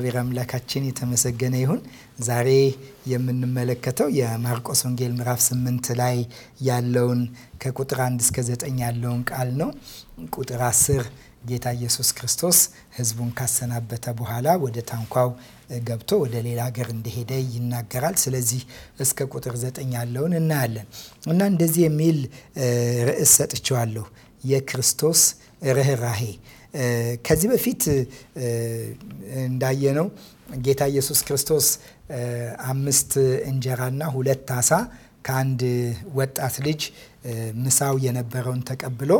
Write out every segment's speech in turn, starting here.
እግዚአብሔር አምላካችን የተመሰገነ ይሁን። ዛሬ የምንመለከተው የማርቆስ ወንጌል ምዕራፍ 8 ላይ ያለውን ከቁጥር 1 እስከ 9 ያለውን ቃል ነው። ቁጥር 10 ጌታ ኢየሱስ ክርስቶስ ህዝቡን ካሰናበተ በኋላ ወደ ታንኳው ገብቶ ወደ ሌላ ሀገር እንደሄደ ይናገራል። ስለዚህ እስከ ቁጥር 9 ያለውን እናያለን እና እንደዚህ የሚል ርዕስ ሰጥቸዋለሁ የክርስቶስ ርኅራሄ ከዚህ በፊት እንዳየነው ጌታ ኢየሱስ ክርስቶስ አምስት እንጀራና ሁለት አሳ ከአንድ ወጣት ልጅ ምሳው የነበረውን ተቀብሎ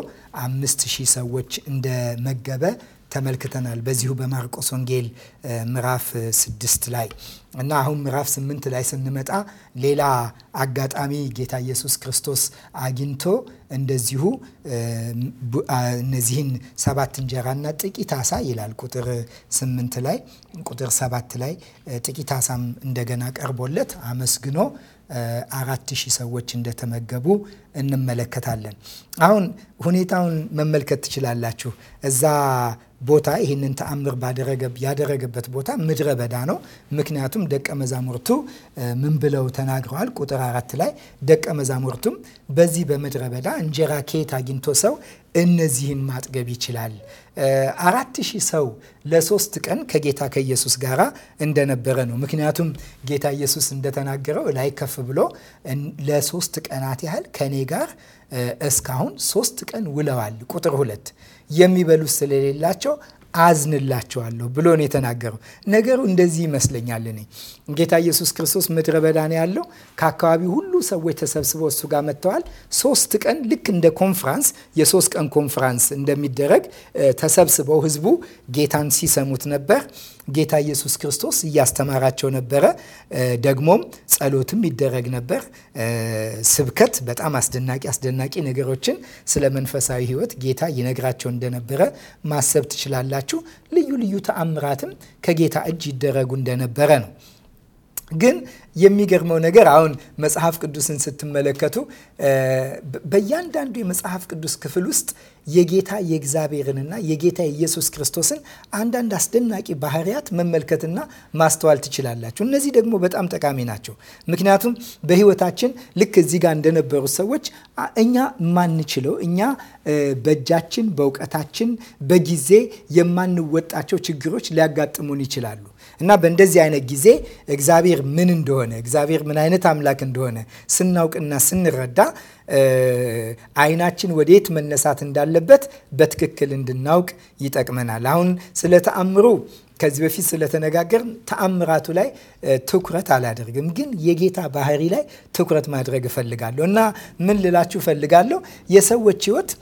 አምስት ሺህ ሰዎች እንደመገበ ተመልክተናል በዚሁ በማርቆስ ወንጌል ምዕራፍ ስድስት ላይ እና አሁን ምዕራፍ ስምንት ላይ ስንመጣ ሌላ አጋጣሚ ጌታ ኢየሱስ ክርስቶስ አግኝቶ እንደዚሁ እነዚህን ሰባት እንጀራና ጥቂት አሳ ይላል ቁጥር ስምንት ላይ ቁጥር ሰባት ላይ ጥቂት አሳም እንደገና ቀርቦለት አመስግኖ አራት ሺህ ሰዎች እንደተመገቡ እንመለከታለን። አሁን ሁኔታውን መመልከት ትችላላችሁ እዛ ቦታ ይህንን ተአምር ያደረገበት ቦታ ምድረ በዳ ነው። ምክንያቱም ደቀ መዛሙርቱ ምን ብለው ተናግረዋል? ቁጥር አራት ላይ ደቀ መዛሙርቱም በዚህ በምድረ በዳ እንጀራ ከየት አግኝቶ ሰው እነዚህን ማጥገብ ይችላል? አራት ሺህ ሰው ለሶስት ቀን ከጌታ ከኢየሱስ ጋር እንደነበረ ነው። ምክንያቱም ጌታ ኢየሱስ እንደተናገረው ላይ ከፍ ብሎ ለሶስት ቀናት ያህል ከእኔ ጋር እስካሁን ሶስት ቀን ውለዋል። ቁጥር ሁለት የሚበሉት ስለሌላቸው አዝንላቸዋለሁ ብሎ ነው የተናገረው። ነገሩ እንደዚህ ይመስለኛል። እኔ ጌታ ኢየሱስ ክርስቶስ ምድረ በዳ ነው ያለው። ከአካባቢው ሁሉ ሰዎች ተሰብስበው እሱ ጋር መጥተዋል። ሶስት ቀን ልክ እንደ ኮንፍራንስ፣ የሶስት ቀን ኮንፍራንስ እንደሚደረግ ተሰብስበው ህዝቡ ጌታን ሲሰሙት ነበር። ጌታ ኢየሱስ ክርስቶስ እያስተማራቸው ነበረ። ደግሞም ጸሎትም ይደረግ ነበር። ስብከት በጣም አስደናቂ አስደናቂ ነገሮችን ስለ መንፈሳዊ ሕይወት ጌታ ይነግራቸው እንደነበረ ማሰብ ትችላላችሁ። ልዩ ልዩ ተአምራትም ከጌታ እጅ ይደረጉ እንደነበረ ነው ግን የሚገርመው ነገር አሁን መጽሐፍ ቅዱስን ስትመለከቱ በእያንዳንዱ የመጽሐፍ ቅዱስ ክፍል ውስጥ የጌታ የእግዚአብሔርንና የጌታ የኢየሱስ ክርስቶስን አንዳንድ አስደናቂ ባህርያት መመልከትና ማስተዋል ትችላላችሁ። እነዚህ ደግሞ በጣም ጠቃሚ ናቸው። ምክንያቱም በሕይወታችን ልክ እዚህ ጋር እንደነበሩት ሰዎች እኛ ማንችለው እኛ በእጃችን በእውቀታችን በጊዜ የማንወጣቸው ችግሮች ሊያጋጥሙን ይችላሉ። እና በእንደዚህ አይነት ጊዜ እግዚአብሔር ምን እንደሆነ እግዚአብሔር ምን አይነት አምላክ እንደሆነ ስናውቅና ስንረዳ አይናችን ወዴት መነሳት እንዳለበት በትክክል እንድናውቅ ይጠቅመናል። አሁን ስለ ተአምሩ ከዚህ በፊት ስለተነጋገር ተአምራቱ ላይ ትኩረት አላደርግም፣ ግን የጌታ ባህሪ ላይ ትኩረት ማድረግ እፈልጋለሁ እና ምን ልላችሁ እፈልጋለሁ የሰዎች ህይወት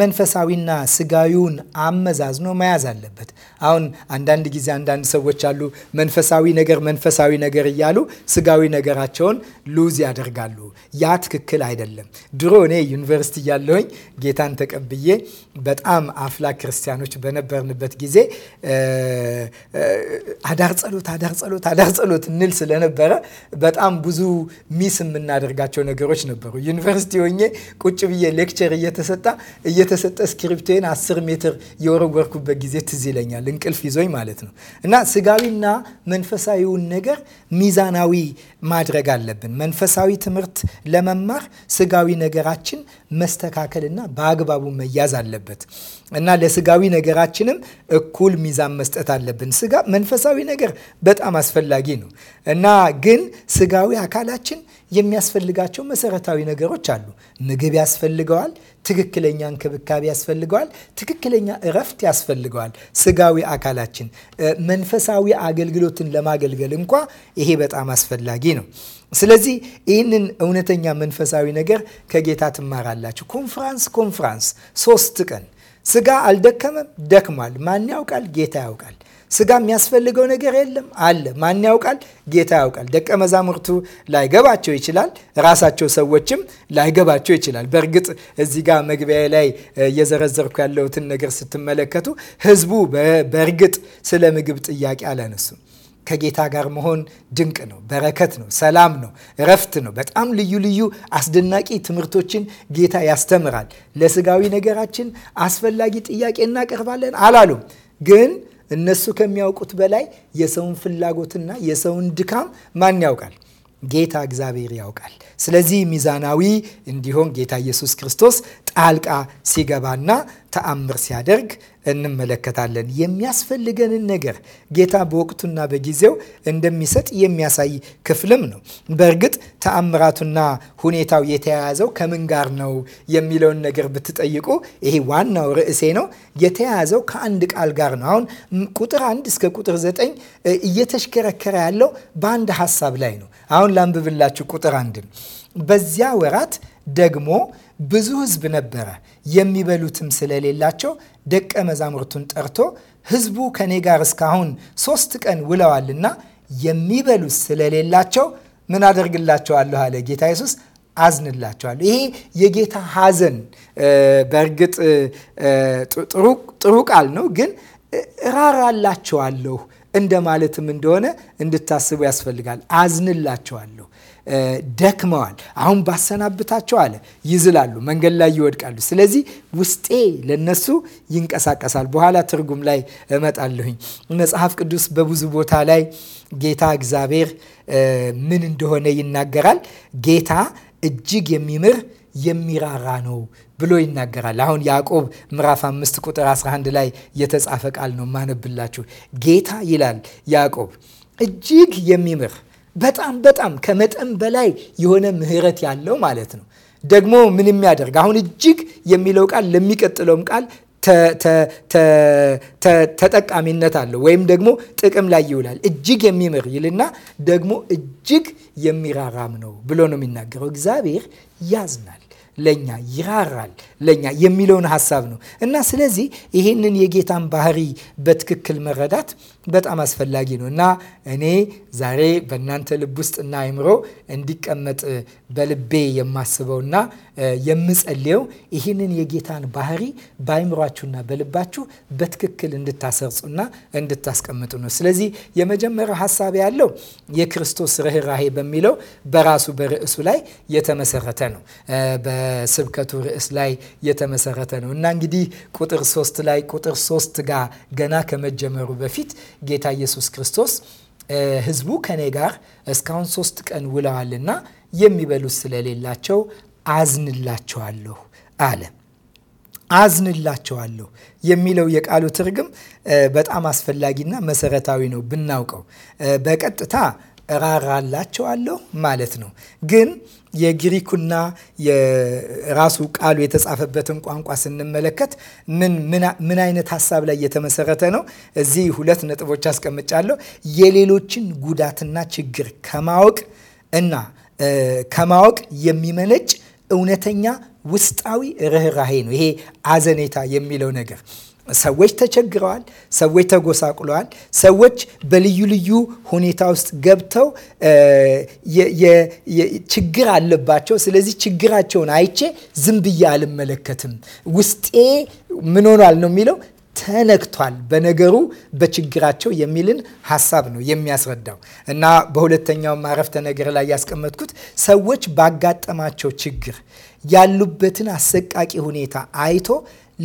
መንፈሳዊና ስጋዊውን አመዛዝኖ መያዝ አለበት። አሁን አንዳንድ ጊዜ አንዳንድ ሰዎች አሉ መንፈሳዊ ነገር መንፈሳዊ ነገር እያሉ ስጋዊ ነገራቸውን ሉዝ ያደርጋሉ። ያ ትክክል አይደለም። ድሮ እኔ ዩኒቨርሲቲ እያለሁኝ ጌታን ተቀብዬ በጣም አፍላ ክርስቲያኖች በነበርንበት ጊዜ አዳር ጸሎት፣ አዳር ጸሎት፣ አዳር ጸሎት እንል ስለነበረ በጣም ብዙ ሚስ የምናደርጋቸው ነገሮች ነበሩ። ዩኒቨርሲቲ ሆኜ ቁጭ ብዬ ሌክቸር እየተሰጣ እየተሰጠ እስክሪብቶዬን አስር ሜትር የወረወርኩበት ጊዜ ትዝ ይለኛል። እንቅልፍ ይዞኝ ማለት ነው። እና ስጋዊና መንፈሳዊውን ነገር ሚዛናዊ ማድረግ አለብን። መንፈሳዊ ትምህርት ለመማር ስጋዊ ነገራችን መስተካከልና በአግባቡ መያዝ አለበት እና ለስጋዊ ነገራችንም እኩል ሚዛን መስጠት አለብን። ስጋ መንፈሳዊ ነገር በጣም አስፈላጊ ነው እና ግን ስጋዊ አካላችን የሚያስፈልጋቸው መሰረታዊ ነገሮች አሉ። ምግብ ያስፈልገዋል። ትክክለኛ እንክብካቤ ያስፈልገዋል። ትክክለኛ እረፍት ያስፈልገዋል። ስጋዊ አካላችን መንፈሳዊ አገልግሎትን ለማገልገል እንኳ ይሄ በጣም አስፈላጊ ነው። ስለዚህ ይህንን እውነተኛ መንፈሳዊ ነገር ከጌታ ትማራላችሁ። ኮንፍራንስ ኮንፍራንስ ሶስት ቀን ስጋ አልደከመም፣ ደክሟል። ማን ያውቃል? ጌታ ያውቃል። ስጋ የሚያስፈልገው ነገር የለም አለ። ማን ያውቃል? ጌታ ያውቃል። ደቀ መዛሙርቱ ላይገባቸው ይችላል። ራሳቸው ሰዎችም ላይገባቸው ይችላል። በእርግጥ እዚህ ጋር መግቢያ ላይ እየዘረዘርኩ ያለሁትን ነገር ስትመለከቱ ህዝቡ በእርግጥ ስለ ምግብ ጥያቄ አላነሱም። ከጌታ ጋር መሆን ድንቅ ነው። በረከት ነው። ሰላም ነው። እረፍት ነው። በጣም ልዩ ልዩ አስደናቂ ትምህርቶችን ጌታ ያስተምራል። ለስጋዊ ነገራችን አስፈላጊ ጥያቄ እናቀርባለን አላሉም ግን እነሱ ከሚያውቁት በላይ የሰውን ፍላጎትና የሰውን ድካም ማን ያውቃል? ጌታ እግዚአብሔር ያውቃል። ስለዚህ ሚዛናዊ እንዲሆን ጌታ ኢየሱስ ክርስቶስ ጣልቃ ሲገባና ተአምር ሲያደርግ እንመለከታለን። የሚያስፈልገንን ነገር ጌታ በወቅቱና በጊዜው እንደሚሰጥ የሚያሳይ ክፍልም ነው። በእርግጥ ተአምራቱና ሁኔታው የተያያዘው ከምን ጋር ነው የሚለውን ነገር ብትጠይቁ ይሄ ዋናው ርዕሴ ነው። የተያያዘው ከአንድ ቃል ጋር ነው። አሁን ቁጥር አንድ እስከ ቁጥር ዘጠኝ እየተሽከረከረ ያለው በአንድ ሀሳብ ላይ ነው። አሁን ላንብብላችሁ ቁጥር አንድን በዚያ ወራት ደግሞ ብዙ ህዝብ ነበረ፣ የሚበሉትም ስለሌላቸው ደቀ መዛሙርቱን ጠርቶ ህዝቡ ከኔ ጋር እስካሁን ሶስት ቀን ውለዋልና የሚበሉት ስለሌላቸው ምን አደርግላቸዋለሁ አለ ጌታ ኢየሱስ። አዝንላቸዋለሁ። ይሄ የጌታ ሐዘን በእርግጥ ጥሩ ቃል ነው፣ ግን እራራላቸዋለሁ እንደማለትም እንደሆነ እንድታስቡ ያስፈልጋል። አዝንላቸዋለሁ ደክመዋል። አሁን ባሰናብታቸው አለ ይዝላሉ፣ መንገድ ላይ ይወድቃሉ። ስለዚህ ውስጤ ለነሱ ይንቀሳቀሳል። በኋላ ትርጉም ላይ እመጣለሁኝ። መጽሐፍ ቅዱስ በብዙ ቦታ ላይ ጌታ እግዚአብሔር ምን እንደሆነ ይናገራል። ጌታ እጅግ የሚምር የሚራራ ነው ብሎ ይናገራል። አሁን ያዕቆብ ምዕራፍ አምስት ቁጥር 11 ላይ የተጻፈ ቃል ነው ማነብላችሁ። ጌታ ይላል ያዕቆብ እጅግ የሚምር በጣም በጣም ከመጠን በላይ የሆነ ምህረት ያለው ማለት ነው። ደግሞ ምን የሚያደርግ አሁን እጅግ የሚለው ቃል ለሚቀጥለውም ቃል ተጠቃሚነት አለው ወይም ደግሞ ጥቅም ላይ ይውላል። እጅግ የሚምር ይልና ደግሞ እጅግ የሚራራም ነው ብሎ ነው የሚናገረው። እግዚአብሔር ያዝናል ለኛ ይራራል ለኛ የሚለውን ሀሳብ ነው እና ስለዚህ ይህንን የጌታን ባህሪ በትክክል መረዳት በጣም አስፈላጊ ነው እና እኔ ዛሬ በእናንተ ልብ ውስጥና አይምሮ እንዲቀመጥ በልቤ የማስበውና የምጸልየው ይህንን የጌታን ባህሪ በአይምሯችሁና በልባችሁ በትክክል እንድታሰርጹና እንድታስቀምጡ ነው። ስለዚህ የመጀመሪያው ሀሳብ ያለው የክርስቶስ ርኅራሄ በሚለው በራሱ በርዕሱ ላይ የተመሰረተ ነው። በስብከቱ ርዕስ ላይ የተመሰረተ ነው እና እንግዲህ ቁጥር ሶስት ላይ ቁጥር ሶስት ጋር ገና ከመጀመሩ በፊት ጌታ ኢየሱስ ክርስቶስ ህዝቡ ከኔ ጋር እስካሁን ሶስት ቀን ውለዋልና የሚበሉት ስለሌላቸው አዝንላቸዋለሁ አለ። አዝንላቸዋለሁ የሚለው የቃሉ ትርግም በጣም አስፈላጊና መሰረታዊ ነው ብናውቀው። በቀጥታ እራራላቸዋለሁ ማለት ነው ግን የግሪኩና የራሱ ቃሉ የተጻፈበትን ቋንቋ ስንመለከት ምን አይነት ሀሳብ ላይ የተመሰረተ ነው? እዚህ ሁለት ነጥቦች አስቀምጫለሁ። የሌሎችን ጉዳትና ችግር ከማወቅ እና ከማወቅ የሚመነጭ እውነተኛ ውስጣዊ ርኅራሄ ነው ይሄ አዘኔታ የሚለው ነገር ሰዎች ተቸግረዋል። ሰዎች ተጎሳቁለዋል። ሰዎች በልዩ ልዩ ሁኔታ ውስጥ ገብተው ችግር አለባቸው። ስለዚህ ችግራቸውን አይቼ ዝም ብዬ አልመለከትም። ውስጤ ምን ሆኗል ነው የሚለው ተነክቷል በነገሩ በችግራቸው የሚልን ሀሳብ ነው የሚያስረዳው። እና በሁለተኛውም አረፍተ ነገር ላይ ያስቀመጥኩት ሰዎች ባጋጠማቸው ችግር ያሉበትን አሰቃቂ ሁኔታ አይቶ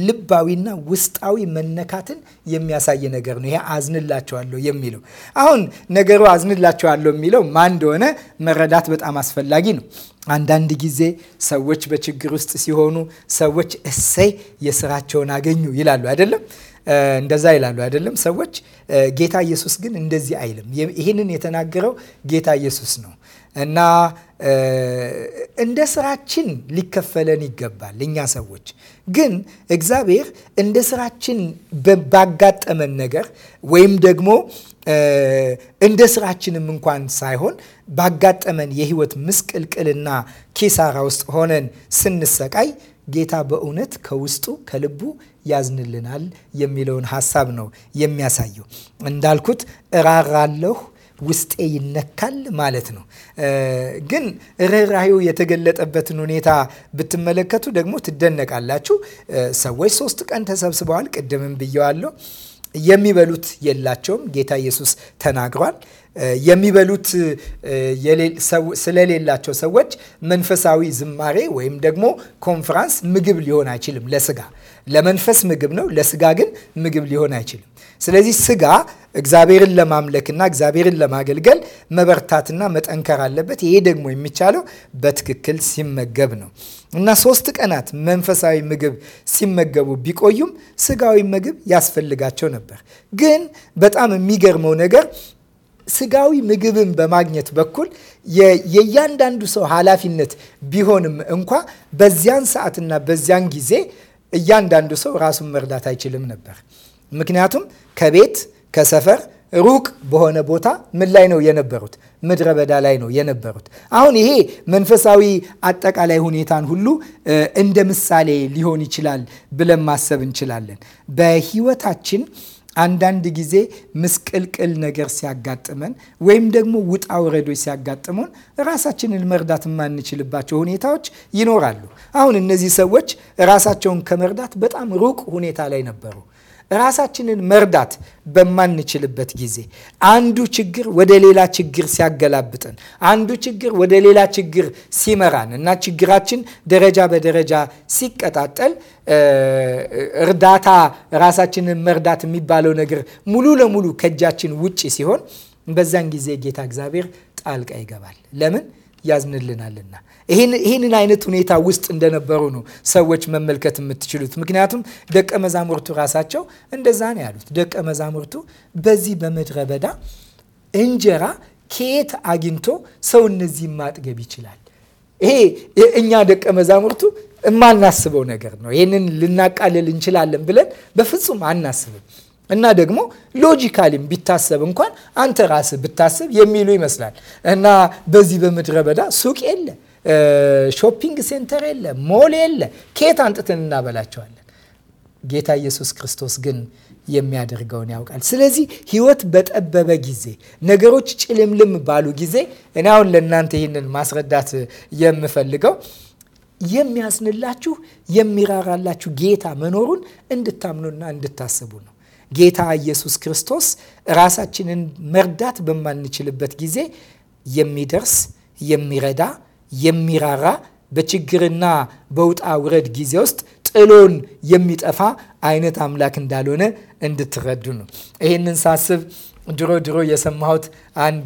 ልባዊና ውስጣዊ መነካትን የሚያሳይ ነገር ነው። ይሄ አዝንላቸዋለሁ የሚለው አሁን ነገሩ አዝንላቸዋለሁ የሚለው ማን እንደሆነ መረዳት በጣም አስፈላጊ ነው። አንዳንድ ጊዜ ሰዎች በችግር ውስጥ ሲሆኑ ሰዎች እሰይ የስራቸውን አገኙ ይላሉ አይደለም? እንደዛ ይላሉ አይደለም? ሰዎች ጌታ ኢየሱስ ግን እንደዚህ አይልም። ይህንን የተናገረው ጌታ ኢየሱስ ነው። እና እንደ ስራችን ሊከፈለን ይገባል። እኛ ሰዎች ግን እግዚአብሔር እንደ ስራችን ባጋጠመን ነገር ወይም ደግሞ እንደ ስራችንም እንኳን ሳይሆን ባጋጠመን የህይወት ምስቅልቅልና ኪሳራ ውስጥ ሆነን ስንሰቃይ ጌታ በእውነት ከውስጡ ከልቡ ያዝንልናል የሚለውን ሀሳብ ነው የሚያሳየው። እንዳልኩት እራራለሁ ውስጤ ይነካል ማለት ነው። ግን ርኅራሄው የተገለጠበትን ሁኔታ ብትመለከቱ ደግሞ ትደነቃላችሁ። ሰዎች ሶስት ቀን ተሰብስበዋል። ቅድምም ብየዋለሁ። የሚበሉት የላቸውም። ጌታ ኢየሱስ ተናግሯል። የሚበሉት ስለሌላቸው ሰዎች መንፈሳዊ ዝማሬ ወይም ደግሞ ኮንፍራንስ ምግብ ሊሆን አይችልም። ለስጋ ለመንፈስ ምግብ ነው፣ ለስጋ ግን ምግብ ሊሆን አይችልም። ስለዚህ ስጋ እግዚአብሔርን ለማምለክና እግዚአብሔርን ለማገልገል መበርታትና መጠንከር አለበት። ይሄ ደግሞ የሚቻለው በትክክል ሲመገብ ነው እና ሶስት ቀናት መንፈሳዊ ምግብ ሲመገቡ ቢቆዩም ስጋዊ ምግብ ያስፈልጋቸው ነበር። ግን በጣም የሚገርመው ነገር ስጋዊ ምግብን በማግኘት በኩል የእያንዳንዱ ሰው ኃላፊነት ቢሆንም እንኳ በዚያን ሰዓትና በዚያን ጊዜ እያንዳንዱ ሰው ራሱን መርዳት አይችልም ነበር። ምክንያቱም ከቤት ከሰፈር ሩቅ በሆነ ቦታ ምን ላይ ነው የነበሩት? ምድረ በዳ ላይ ነው የነበሩት። አሁን ይሄ መንፈሳዊ አጠቃላይ ሁኔታን ሁሉ እንደ ምሳሌ ሊሆን ይችላል ብለን ማሰብ እንችላለን። በህይወታችን አንዳንድ ጊዜ ምስቅልቅል ነገር ሲያጋጥመን ወይም ደግሞ ውጣ ውረዶች ሲያጋጥሙን ራሳችንን መርዳት የማንችልባቸው ሁኔታዎች ይኖራሉ። አሁን እነዚህ ሰዎች ራሳቸውን ከመርዳት በጣም ሩቅ ሁኔታ ላይ ነበሩ። ራሳችንን መርዳት በማንችልበት ጊዜ አንዱ ችግር ወደ ሌላ ችግር ሲያገላብጠን፣ አንዱ ችግር ወደ ሌላ ችግር ሲመራን እና ችግራችን ደረጃ በደረጃ ሲቀጣጠል እርዳታ ራሳችንን መርዳት የሚባለው ነገር ሙሉ ለሙሉ ከእጃችን ውጭ ሲሆን በዛን ጊዜ ጌታ እግዚአብሔር ጣልቃ ይገባል። ለምን? ያዝንልናልና ይህንን አይነት ሁኔታ ውስጥ እንደነበሩ ነው ሰዎች መመልከት የምትችሉት። ምክንያቱም ደቀ መዛሙርቱ ራሳቸው እንደዛ ነው ያሉት። ደቀ መዛሙርቱ በዚህ በምድረ በዳ እንጀራ ከየት አግኝቶ ሰው እነዚህ ማጥገብ ይችላል? ይሄ እኛ ደቀ መዛሙርቱ የማናስበው ነገር ነው። ይህንን ልናቃልል እንችላለን ብለን በፍጹም አናስብም። እና ደግሞ ሎጂካሊም ቢታሰብ እንኳን አንተ ራስህ ብታስብ የሚሉ ይመስላል። እና በዚህ በምድረ በዳ ሱቅ የለ፣ ሾፒንግ ሴንተር የለ፣ ሞል የለ፣ ኬት አንጥተን እናበላቸዋለን? ጌታ ኢየሱስ ክርስቶስ ግን የሚያደርገውን ያውቃል። ስለዚህ ህይወት በጠበበ ጊዜ፣ ነገሮች ጭልምልም ባሉ ጊዜ እኔ አሁን ለእናንተ ይህንን ማስረዳት የምፈልገው የሚያዝንላችሁ የሚራራላችሁ ጌታ መኖሩን እንድታምኑና እንድታስቡ ነው። ጌታ ኢየሱስ ክርስቶስ ራሳችንን መርዳት በማንችልበት ጊዜ የሚደርስ የሚረዳ፣ የሚራራ በችግርና በውጣ ውረድ ጊዜ ውስጥ ጥሎን የሚጠፋ አይነት አምላክ እንዳልሆነ እንድትረዱ ነው። ይህንን ሳስብ ድሮ ድሮ የሰማሁት አንድ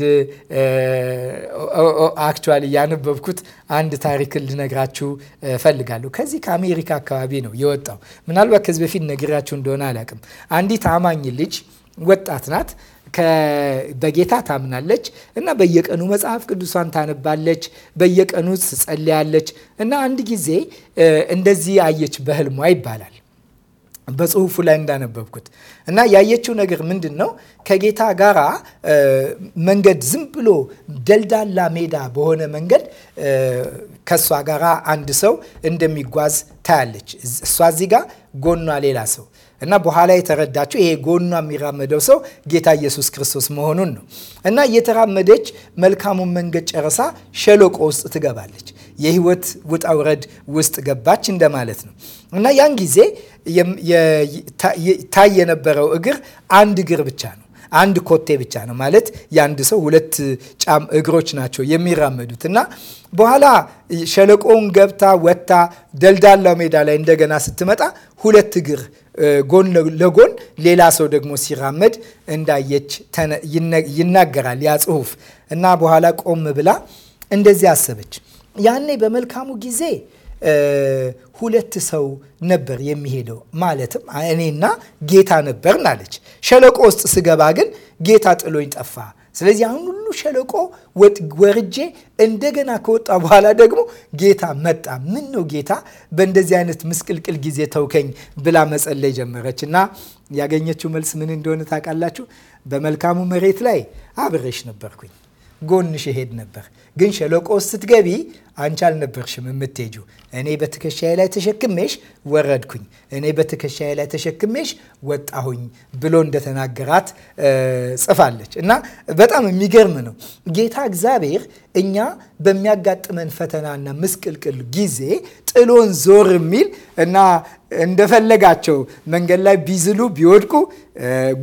አክቹዋሊ ያነበብኩት አንድ ታሪክን ልነግራችሁ እፈልጋለሁ። ከዚህ ከአሜሪካ አካባቢ ነው የወጣው። ምናልባት ከዚህ በፊት ነግራችሁ እንደሆነ አላውቅም። አንዲት አማኝ ልጅ ወጣት ናት። በጌታ ታምናለች እና በየቀኑ መጽሐፍ ቅዱሷን ታነባለች፣ በየቀኑ ትጸልያለች እና አንድ ጊዜ እንደዚህ አየች በህልሟ ይባላል በጽሁፉ ላይ እንዳነበብኩት እና ያየችው ነገር ምንድን ነው? ከጌታ ጋር መንገድ ዝም ብሎ ደልዳላ ሜዳ በሆነ መንገድ ከእሷ ጋር አንድ ሰው እንደሚጓዝ ታያለች። እሷ እዚህ ጋር ጎኗ ሌላ ሰው እና በኋላ የተረዳችው ይሄ ጎኗ የሚራመደው ሰው ጌታ ኢየሱስ ክርስቶስ መሆኑን ነው። እና እየተራመደች መልካሙን መንገድ ጨርሳ ሸለቆ ውስጥ ትገባለች። የህይወት ውጣውረድ ውስጥ ገባች እንደማለት ነው። እና ያን ጊዜ ታይ የነበረው እግር አንድ እግር ብቻ ነው። አንድ ኮቴ ብቻ ነው ማለት የአንድ ሰው ሁለት ጫም እግሮች ናቸው የሚራመዱት እና በኋላ ሸለቆውን ገብታ ወጥታ ደልዳላው ሜዳ ላይ እንደገና ስትመጣ ሁለት እግር ጎን ለጎን ሌላ ሰው ደግሞ ሲራመድ እንዳየች ይናገራል ያ ጽሑፍ እና በኋላ ቆም ብላ እንደዚህ አሰበች። ያኔ በመልካሙ ጊዜ ሁለት ሰው ነበር የሚሄደው ማለትም እኔና ጌታ ነበርን አለች። ሸለቆ ውስጥ ስገባ ግን ጌታ ጥሎኝ ጠፋ። ስለዚህ አሁን ሁሉ ሸለቆ ወርጄ እንደገና ከወጣ በኋላ ደግሞ ጌታ መጣ። ምን ነው ጌታ በእንደዚህ አይነት ምስቅልቅል ጊዜ ተውከኝ ብላ መጸለይ ጀመረች እና ያገኘችው መልስ ምን እንደሆነ ታውቃላችሁ? በመልካሙ መሬት ላይ አብሬሽ ነበርኩኝ ጎንሽ ሄድ ነበር። ግን ሸለቆ ስትገቢ አንቺ አልነበርሽም የምትሄጁ። እኔ በትከሻዬ ላይ ተሸክሜሽ ወረድኩኝ፣ እኔ በትከሻዬ ላይ ተሸክሜሽ ወጣሁኝ ብሎ እንደተናገራት ጽፋለች። እና በጣም የሚገርም ነው። ጌታ እግዚአብሔር እኛ በሚያጋጥመን ፈተናና ምስቅልቅል ጊዜ ጥሎን ዞር የሚል እና እንደፈለጋቸው መንገድ ላይ ቢዝሉ ቢወድቁ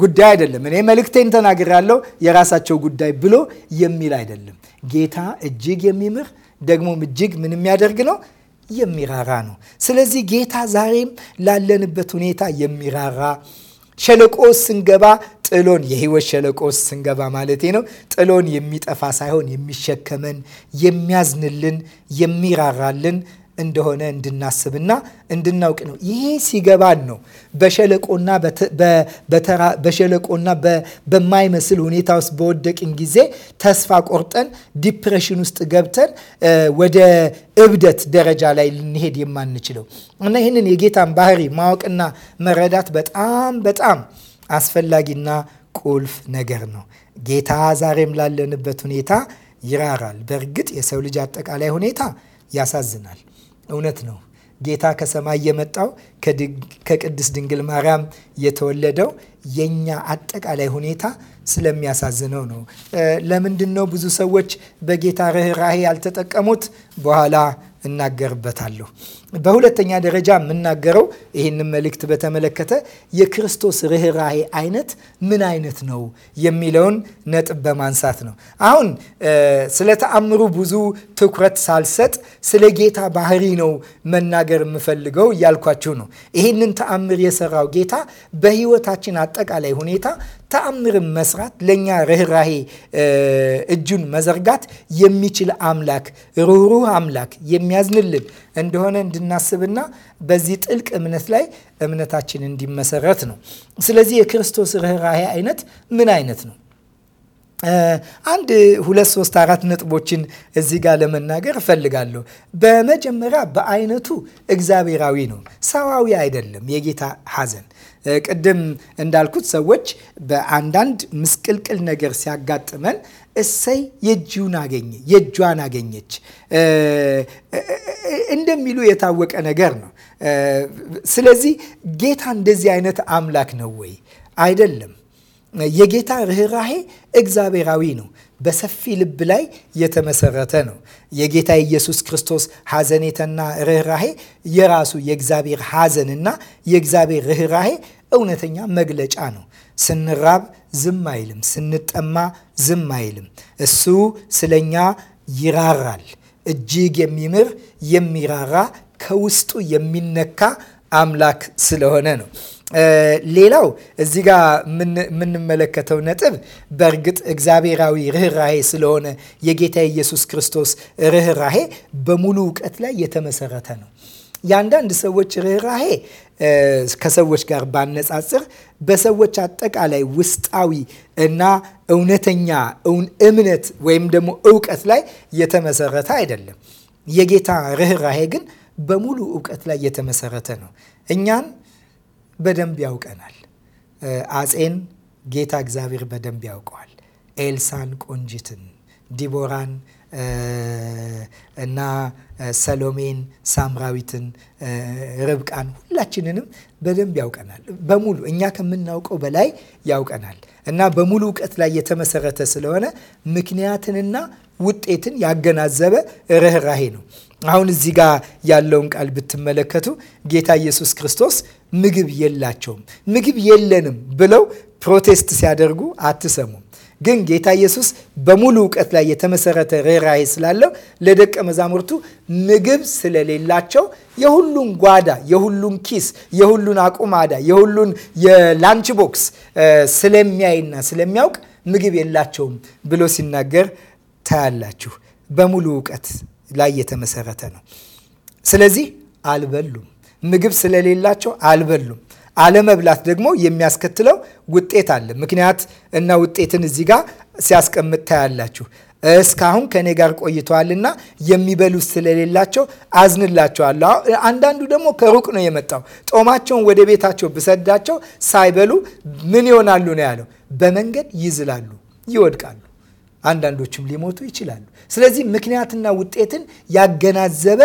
ጉዳይ አይደለም። እኔ መልእክቴን ተናግሬያለሁ፣ የራሳቸው ጉዳይ ብሎ የሚል አይደለም። ጌታ እጅግ የሚምር ደግሞም እጅግ ምን የሚያደርግ ነው የሚራራ ነው። ስለዚህ ጌታ ዛሬም ላለንበት ሁኔታ የሚራራ ሸለቆ ስንገባ ጥሎን የህይወት ሸለቆ ስንገባ ማለት ነው። ጥሎን የሚጠፋ ሳይሆን የሚሸከመን፣ የሚያዝንልን፣ የሚራራልን እንደሆነ እንድናስብና እንድናውቅ ነው። ይሄ ሲገባን ነው በሸለቆና በሸለቆና በማይመስል ሁኔታ ውስጥ በወደቅን ጊዜ ተስፋ ቆርጠን ዲፕሬሽን ውስጥ ገብተን ወደ እብደት ደረጃ ላይ ልንሄድ የማንችለው እና ይህንን የጌታን ባህሪ ማወቅና መረዳት በጣም በጣም አስፈላጊና ቁልፍ ነገር ነው። ጌታ ዛሬም ላለንበት ሁኔታ ይራራል። በእርግጥ የሰው ልጅ አጠቃላይ ሁኔታ ያሳዝናል። እውነት ነው። ጌታ ከሰማይ የመጣው ከቅድስት ድንግል ማርያም የተወለደው የኛ አጠቃላይ ሁኔታ ስለሚያሳዝነው ነው። ለምንድን ነው ብዙ ሰዎች በጌታ ርኅራሄ ያልተጠቀሙት? በኋላ እናገርበታለሁ። በሁለተኛ ደረጃ የምናገረው ይህንን መልእክት በተመለከተ የክርስቶስ ርኅራሄ አይነት ምን አይነት ነው የሚለውን ነጥብ በማንሳት ነው። አሁን ስለ ተአምሩ ብዙ ትኩረት ሳልሰጥ ስለ ጌታ ባህሪ ነው መናገር የምፈልገው እያልኳችሁ ነው። ይህንን ተአምር የሰራው ጌታ በህይወታችን አጠቃላይ ሁኔታ ተአምርን መስራት ለእኛ ርኅራሄ እጁን መዘርጋት የሚችል አምላክ፣ ርኅሩህ አምላክ፣ የሚያዝንልን እንደሆነ እንድናስብና በዚህ ጥልቅ እምነት ላይ እምነታችን እንዲመሰረት ነው። ስለዚህ የክርስቶስ ርኅራሄ አይነት ምን አይነት ነው? አንድ ሁለት ሶስት አራት ነጥቦችን እዚህ ጋር ለመናገር እፈልጋለሁ። በመጀመሪያ በአይነቱ እግዚአብሔራዊ ነው፣ ሰዋዊ አይደለም። የጌታ ሐዘን ቅድም እንዳልኩት ሰዎች በአንዳንድ ምስቅልቅል ነገር ሲያጋጥመን እሰይ የእጁን አገኘ የእጇን አገኘች እንደሚሉ የታወቀ ነገር ነው። ስለዚህ ጌታ እንደዚህ አይነት አምላክ ነው ወይ? አይደለም። የጌታ ርኅራሄ እግዚአብሔራዊ ነው። በሰፊ ልብ ላይ የተመሰረተ ነው። የጌታ ኢየሱስ ክርስቶስ ሐዘኔተና ርኅራሄ የራሱ የእግዚአብሔር ሐዘንና የእግዚአብሔር ርኅራሄ እውነተኛ መግለጫ ነው። ስንራብ ዝም አይልም፣ ስንጠማ ዝም አይልም። እሱ ስለኛ ይራራል። እጅግ የሚምር የሚራራ ከውስጡ የሚነካ አምላክ ስለሆነ ነው። ሌላው እዚህ ጋ የምንመለከተው ነጥብ በእርግጥ እግዚአብሔራዊ ርኅራሄ ስለሆነ የጌታ ኢየሱስ ክርስቶስ ርኅራሄ በሙሉ እውቀት ላይ የተመሰረተ ነው። የአንዳንድ ሰዎች ርኅራሄ ከሰዎች ጋር ባነጻጽር በሰዎች አጠቃላይ ውስጣዊ እና እውነተኛ እምነት ወይም ደግሞ እውቀት ላይ የተመሰረተ አይደለም። የጌታ ርኅራሄ ግን በሙሉ እውቀት ላይ የተመሰረተ ነው። እኛን በደንብ ያውቀናል። አፄን ጌታ እግዚአብሔር በደንብ ያውቀዋል። ኤልሳን፣ ቆንጂትን፣ ዲቦራን እና ሰሎሜን፣ ሳምራዊትን፣ ርብቃን ሁላችንንም በደንብ ያውቀናል። በሙሉ እኛ ከምናውቀው በላይ ያውቀናል እና በሙሉ እውቀት ላይ የተመሰረተ ስለሆነ ምክንያትንና ውጤትን ያገናዘበ ርኅራሄ ነው። አሁን እዚህ ጋር ያለውን ቃል ብትመለከቱ ጌታ ኢየሱስ ክርስቶስ ምግብ የላቸውም፣ ምግብ የለንም ብለው ፕሮቴስት ሲያደርጉ አትሰሙም። ግን ጌታ ኢየሱስ በሙሉ እውቀት ላይ የተመሰረተ ርኅራኄ ስላለው ለደቀ መዛሙርቱ ምግብ ስለሌላቸው የሁሉን ጓዳ፣ የሁሉን ኪስ፣ የሁሉን አቁማዳ፣ የሁሉን የላንች ቦክስ ስለሚያይና ስለሚያውቅ ምግብ የላቸውም ብሎ ሲናገር ታያላችሁ። በሙሉ እውቀት ላይ የተመሰረተ ነው። ስለዚህ አልበሉም። ምግብ ስለሌላቸው አልበሉም። አለመብላት ደግሞ የሚያስከትለው ውጤት አለ። ምክንያት እና ውጤትን እዚህ ጋር ሲያስቀምጥ ታያላችሁ። እስካሁን ከእኔ ጋር ቆይተዋልና የሚበሉት ስለሌላቸው አዝንላቸዋለሁ። አንዳንዱ ደግሞ ከሩቅ ነው የመጣው። ጦማቸውን ወደ ቤታቸው ብሰዳቸው ሳይበሉ ምን ይሆናሉ ነው ያለው። በመንገድ ይዝላሉ፣ ይወድቃሉ፣ አንዳንዶችም ሊሞቱ ይችላሉ። ስለዚህ ምክንያትና ውጤትን ያገናዘበ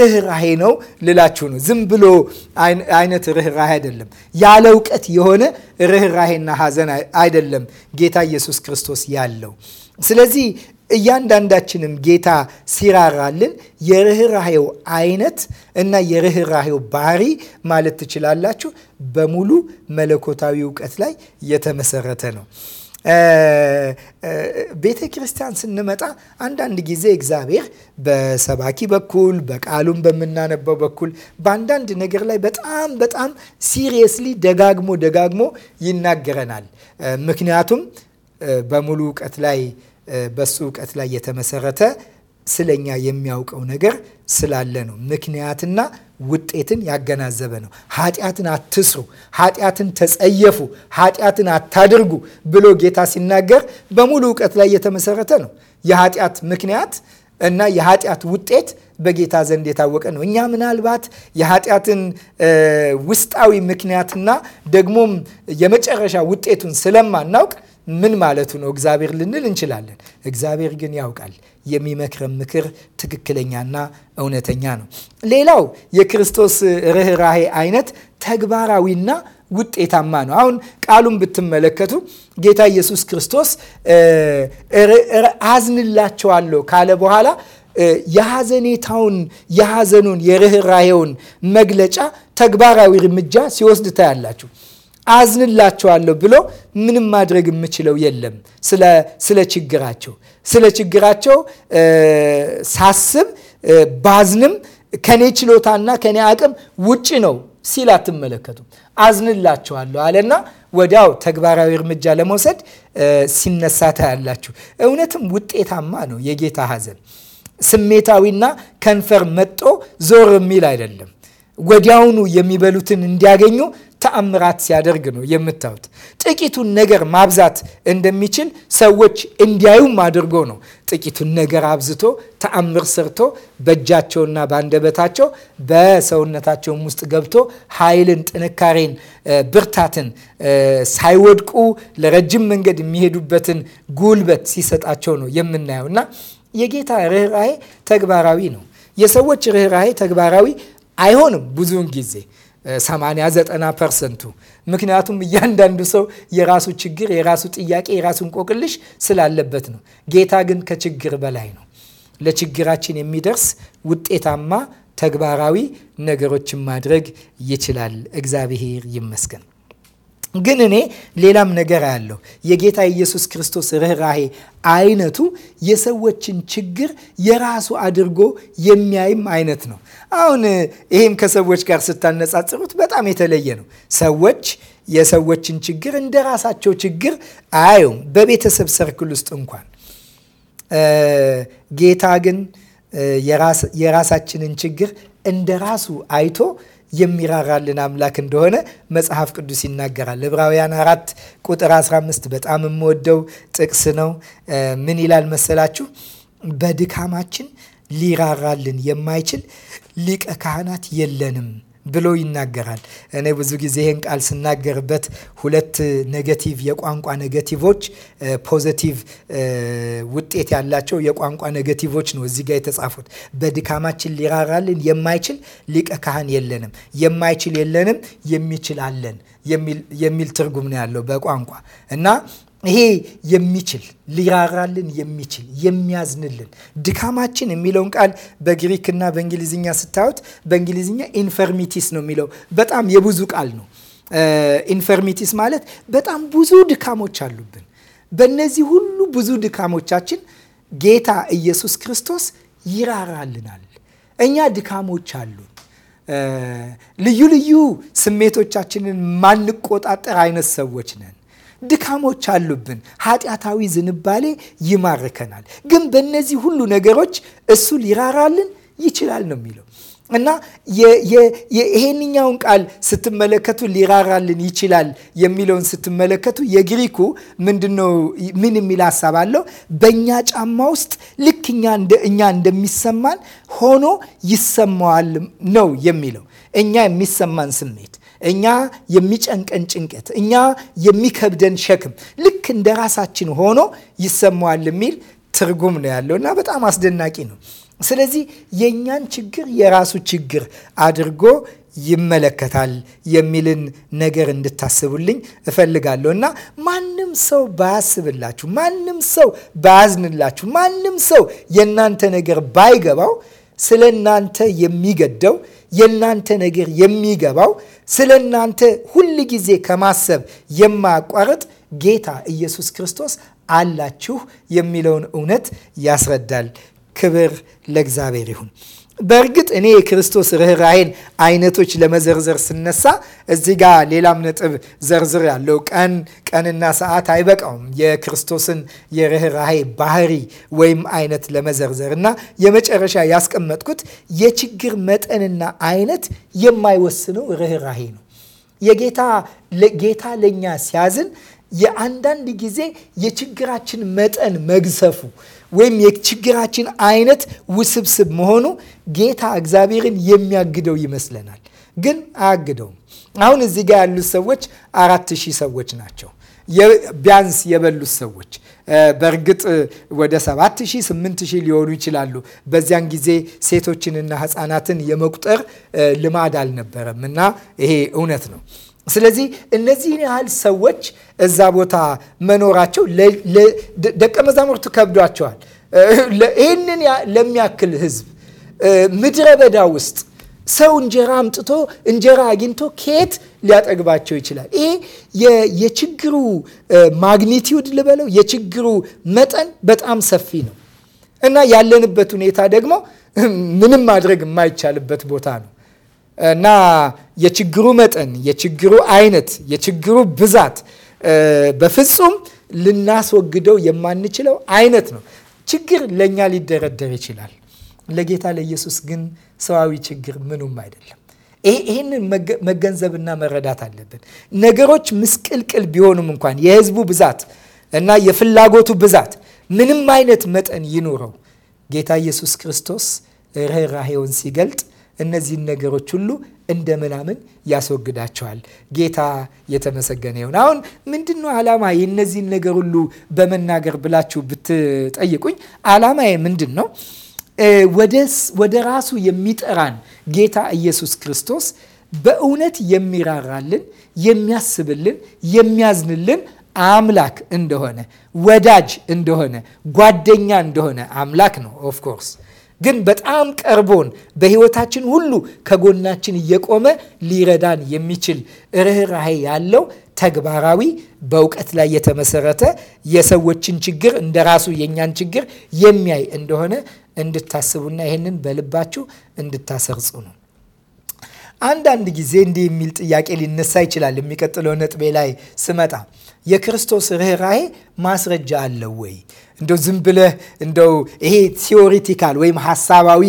ርኅራሄ ነው ልላችሁ ነው። ዝም ብሎ አይነት ርኅራሄ አይደለም። ያለ እውቀት የሆነ ርኅራሄና ሐዘን አይደለም ጌታ ኢየሱስ ክርስቶስ ያለው። ስለዚህ እያንዳንዳችንም ጌታ ሲራራልን የርኅራሄው አይነት እና የርኅራሄው ባህሪ ማለት ትችላላችሁ በሙሉ መለኮታዊ እውቀት ላይ የተመሰረተ ነው። ቤተ ክርስቲያን ስንመጣ አንዳንድ ጊዜ እግዚአብሔር በሰባኪ በኩል በቃሉም በምናነበው በኩል በአንዳንድ ነገር ላይ በጣም በጣም ሲሪየስሊ ደጋግሞ ደጋግሞ ይናገረናል። ምክንያቱም በሙሉ እውቀት ላይ በሱ እውቀት ላይ የተመሰረተ ስለኛ የሚያውቀው ነገር ስላለ ነው። ምክንያትና ውጤትን ያገናዘበ ነው። ኃጢአትን አትስሩ፣ ኃጢአትን ተጸየፉ፣ ኃጢአትን አታድርጉ ብሎ ጌታ ሲናገር በሙሉ እውቀት ላይ የተመሰረተ ነው። የኃጢአት ምክንያት እና የኃጢአት ውጤት በጌታ ዘንድ የታወቀ ነው። እኛ ምናልባት የኃጢአትን ውስጣዊ ምክንያትና ደግሞም የመጨረሻ ውጤቱን ስለማናውቅ ምን ማለቱ ነው እግዚአብሔር ልንል እንችላለን። እግዚአብሔር ግን ያውቃል። የሚመክረን ምክር ትክክለኛና እውነተኛ ነው። ሌላው የክርስቶስ ርኅራሄ አይነት ተግባራዊና ውጤታማ ነው። አሁን ቃሉን ብትመለከቱ ጌታ ኢየሱስ ክርስቶስ አዝንላቸዋለሁ ካለ በኋላ የሐዘኔታውን የሐዘኑን የርኅራሄውን መግለጫ ተግባራዊ እርምጃ ሲወስድ ታያላችሁ። አዝንላቸዋለሁ ብሎ ምንም ማድረግ የምችለው የለም። ስለ ችግራቸው ስለ ችግራቸው ሳስብ ባዝንም ከኔ ችሎታና ከኔ አቅም ውጭ ነው ሲል አትመለከቱም። አዝንላቸዋለሁ አለና ወዲያው ተግባራዊ እርምጃ ለመውሰድ ሲነሳ ታያላችሁ። እውነትም ውጤታማ ነው የጌታ ሐዘን። ስሜታዊና ከንፈር መጦ ዞር የሚል አይደለም። ወዲያውኑ የሚበሉትን እንዲያገኙ ተአምራት ሲያደርግ ነው የምታዩት። ጥቂቱን ነገር ማብዛት እንደሚችል ሰዎች እንዲያዩም አድርጎ ነው ጥቂቱን ነገር አብዝቶ ተአምር ሰርቶ በእጃቸውና በአንደበታቸው በሰውነታቸውም ውስጥ ገብቶ ኃይልን፣ ጥንካሬን፣ ብርታትን ሳይወድቁ ለረጅም መንገድ የሚሄዱበትን ጉልበት ሲሰጣቸው ነው የምናየው እና የጌታ ርኅራሄ ተግባራዊ ነው። የሰዎች ርኅራሄ ተግባራዊ አይሆንም ብዙውን ጊዜ ሰማንያ ዘጠና ፐርሰንቱ ምክንያቱም እያንዳንዱ ሰው የራሱ ችግር፣ የራሱ ጥያቄ፣ የራሱ እንቆቅልሽ ስላለበት ነው። ጌታ ግን ከችግር በላይ ነው። ለችግራችን የሚደርስ ውጤታማ ተግባራዊ ነገሮችን ማድረግ ይችላል። እግዚአብሔር ይመስገን። ግን እኔ ሌላም ነገር ያለው የጌታ ኢየሱስ ክርስቶስ ርኅራሄ አይነቱ የሰዎችን ችግር የራሱ አድርጎ የሚያይም አይነት ነው። አሁን ይህም ከሰዎች ጋር ስታነጻጽሩት በጣም የተለየ ነው። ሰዎች የሰዎችን ችግር እንደ ራሳቸው ችግር አያዩም፣ በቤተሰብ ሰርክል ውስጥ እንኳን። ጌታ ግን የራሳችንን ችግር እንደ ራሱ አይቶ የሚራራልን አምላክ እንደሆነ መጽሐፍ ቅዱስ ይናገራል። ዕብራውያን አራት ቁጥር 15 በጣም የምወደው ጥቅስ ነው። ምን ይላል መሰላችሁ? በድካማችን ሊራራልን የማይችል ሊቀ ካህናት የለንም ብሎ ይናገራል። እኔ ብዙ ጊዜ ይህን ቃል ስናገርበት ሁለት ኔጌቲቭ የቋንቋ ኔጌቲቮች፣ ፖዘቲቭ ውጤት ያላቸው የቋንቋ ኔጌቲቮች ነው እዚህ ጋር የተጻፉት። በድካማችን ሊራራልን የማይችል ሊቀ ካህን የለንም፣ የማይችል የለንም፣ የሚችል አለን የሚል ትርጉም ነው ያለው በቋንቋ እና ይሄ የሚችል ሊራራልን የሚችል የሚያዝንልን ድካማችን የሚለውን ቃል በግሪክና በእንግሊዝኛ ስታዩት በእንግሊዝኛ ኢንፈርሚቲስ ነው የሚለው። በጣም የብዙ ቃል ነው። ኢንፈርሚቲስ ማለት በጣም ብዙ ድካሞች አሉብን። በእነዚህ ሁሉ ብዙ ድካሞቻችን ጌታ ኢየሱስ ክርስቶስ ይራራልናል። እኛ ድካሞች አሉ። ልዩ ልዩ ስሜቶቻችንን ማንቆጣጠር አይነት ሰዎች ነን። ድካሞች አሉብን። ኃጢአታዊ ዝንባሌ ይማርከናል። ግን በእነዚህ ሁሉ ነገሮች እሱ ሊራራልን ይችላል ነው የሚለው እና ይሄንኛውን ቃል ስትመለከቱ ሊራራልን ይችላል የሚለውን ስትመለከቱ የግሪኩ ምንድነው ምን የሚል ሀሳብ አለው? በእኛ ጫማ ውስጥ ልክ እኛ እንደሚሰማን ሆኖ ይሰማዋል ነው የሚለው እኛ የሚሰማን ስሜት እኛ የሚጨንቀን ጭንቀት፣ እኛ የሚከብደን ሸክም ልክ እንደ ራሳችን ሆኖ ይሰማዋል የሚል ትርጉም ነው ያለው እና በጣም አስደናቂ ነው። ስለዚህ የእኛን ችግር የራሱ ችግር አድርጎ ይመለከታል የሚልን ነገር እንድታስቡልኝ እፈልጋለሁ እና ማንም ሰው ባያስብላችሁ፣ ማንም ሰው ባያዝንላችሁ፣ ማንም ሰው የእናንተ ነገር ባይገባው ስለ እናንተ የሚገደው የእናንተ ነገር የሚገባው ስለ እናንተ ሁል ጊዜ ከማሰብ የማያቋርጥ ጌታ ኢየሱስ ክርስቶስ አላችሁ የሚለውን እውነት ያስረዳል። ክብር ለእግዚአብሔር ይሁን። በእርግጥ እኔ የክርስቶስ ርኅራሄን አይነቶች ለመዘርዘር ስነሳ እዚህ ጋር ሌላም ነጥብ ዘርዝር ያለው ቀን ቀንና ሰዓት አይበቃውም የክርስቶስን የርኅራሄ ባህሪ ወይም አይነት ለመዘርዘር እና የመጨረሻ ያስቀመጥኩት የችግር መጠንና አይነት የማይወስነው ርኅራሄ ነው። የጌታ ጌታ ለእኛ ሲያዝን የአንዳንድ ጊዜ የችግራችን መጠን መግዘፉ ወይም የችግራችን አይነት ውስብስብ መሆኑ ጌታ እግዚአብሔርን የሚያግደው ይመስለናል፣ ግን አያግደውም። አሁን እዚህ ጋር ያሉት ሰዎች አራት ሺህ ሰዎች ናቸው። ቢያንስ የበሉት ሰዎች በእርግጥ ወደ 7000 8000 ሊሆኑ ይችላሉ። በዚያን ጊዜ ሴቶችንና ሕፃናትን የመቁጠር ልማድ አልነበረም እና ይሄ እውነት ነው። ስለዚህ እነዚህን ያህል ሰዎች እዛ ቦታ መኖራቸው ደቀ መዛሙርቱ ከብዷቸዋል። ይህንን ለሚያክል ህዝብ ምድረ በዳ ውስጥ ሰው እንጀራ አምጥቶ እንጀራ አግኝቶ ከየት ሊያጠግባቸው ይችላል? ይሄ የችግሩ ማግኒቲዩድ ልበለው፣ የችግሩ መጠን በጣም ሰፊ ነው እና ያለንበት ሁኔታ ደግሞ ምንም ማድረግ የማይቻልበት ቦታ ነው። እና የችግሩ መጠን፣ የችግሩ አይነት፣ የችግሩ ብዛት በፍጹም ልናስወግደው የማንችለው አይነት ነው። ችግር ለእኛ ሊደረደር ይችላል። ለጌታ ለኢየሱስ ግን ሰዋዊ ችግር ምኑም አይደለም። ይህንን መገንዘብና መረዳት አለብን። ነገሮች ምስቅልቅል ቢሆኑም እንኳን የህዝቡ ብዛት እና የፍላጎቱ ብዛት ምንም አይነት መጠን ይኑረው ጌታ ኢየሱስ ክርስቶስ ርኅራሄውን ሲገልጥ እነዚህን ነገሮች ሁሉ እንደ ምናምን ያስወግዳቸዋል። ጌታ የተመሰገነ ይሁን። አሁን ምንድን ነው ዓላማ የእነዚህን ነገር ሁሉ በመናገር ብላችሁ ብትጠይቁኝ ዓላማዬ ምንድን ነው? ወደ ራሱ የሚጠራን ጌታ ኢየሱስ ክርስቶስ በእውነት የሚራራልን፣ የሚያስብልን፣ የሚያዝንልን አምላክ እንደሆነ፣ ወዳጅ እንደሆነ፣ ጓደኛ እንደሆነ አምላክ ነው ኦፍኮርስ ግን በጣም ቀርቦን በህይወታችን ሁሉ ከጎናችን እየቆመ ሊረዳን የሚችል ርኅራሄ ያለው ተግባራዊ በእውቀት ላይ የተመሰረተ የሰዎችን ችግር እንደ ራሱ የእኛን ችግር የሚያይ እንደሆነ እንድታስቡና ይህንን በልባችሁ እንድታሰርጹ ነው። አንዳንድ ጊዜ እንዲህ የሚል ጥያቄ ሊነሳ ይችላል። የሚቀጥለው ነጥቤ ላይ ስመጣ የክርስቶስ ርኅራሄ ማስረጃ አለው ወይ? እንደው ዝም ብለህ እንደው ይሄ ቲዎሪቲካል ወይም ሀሳባዊ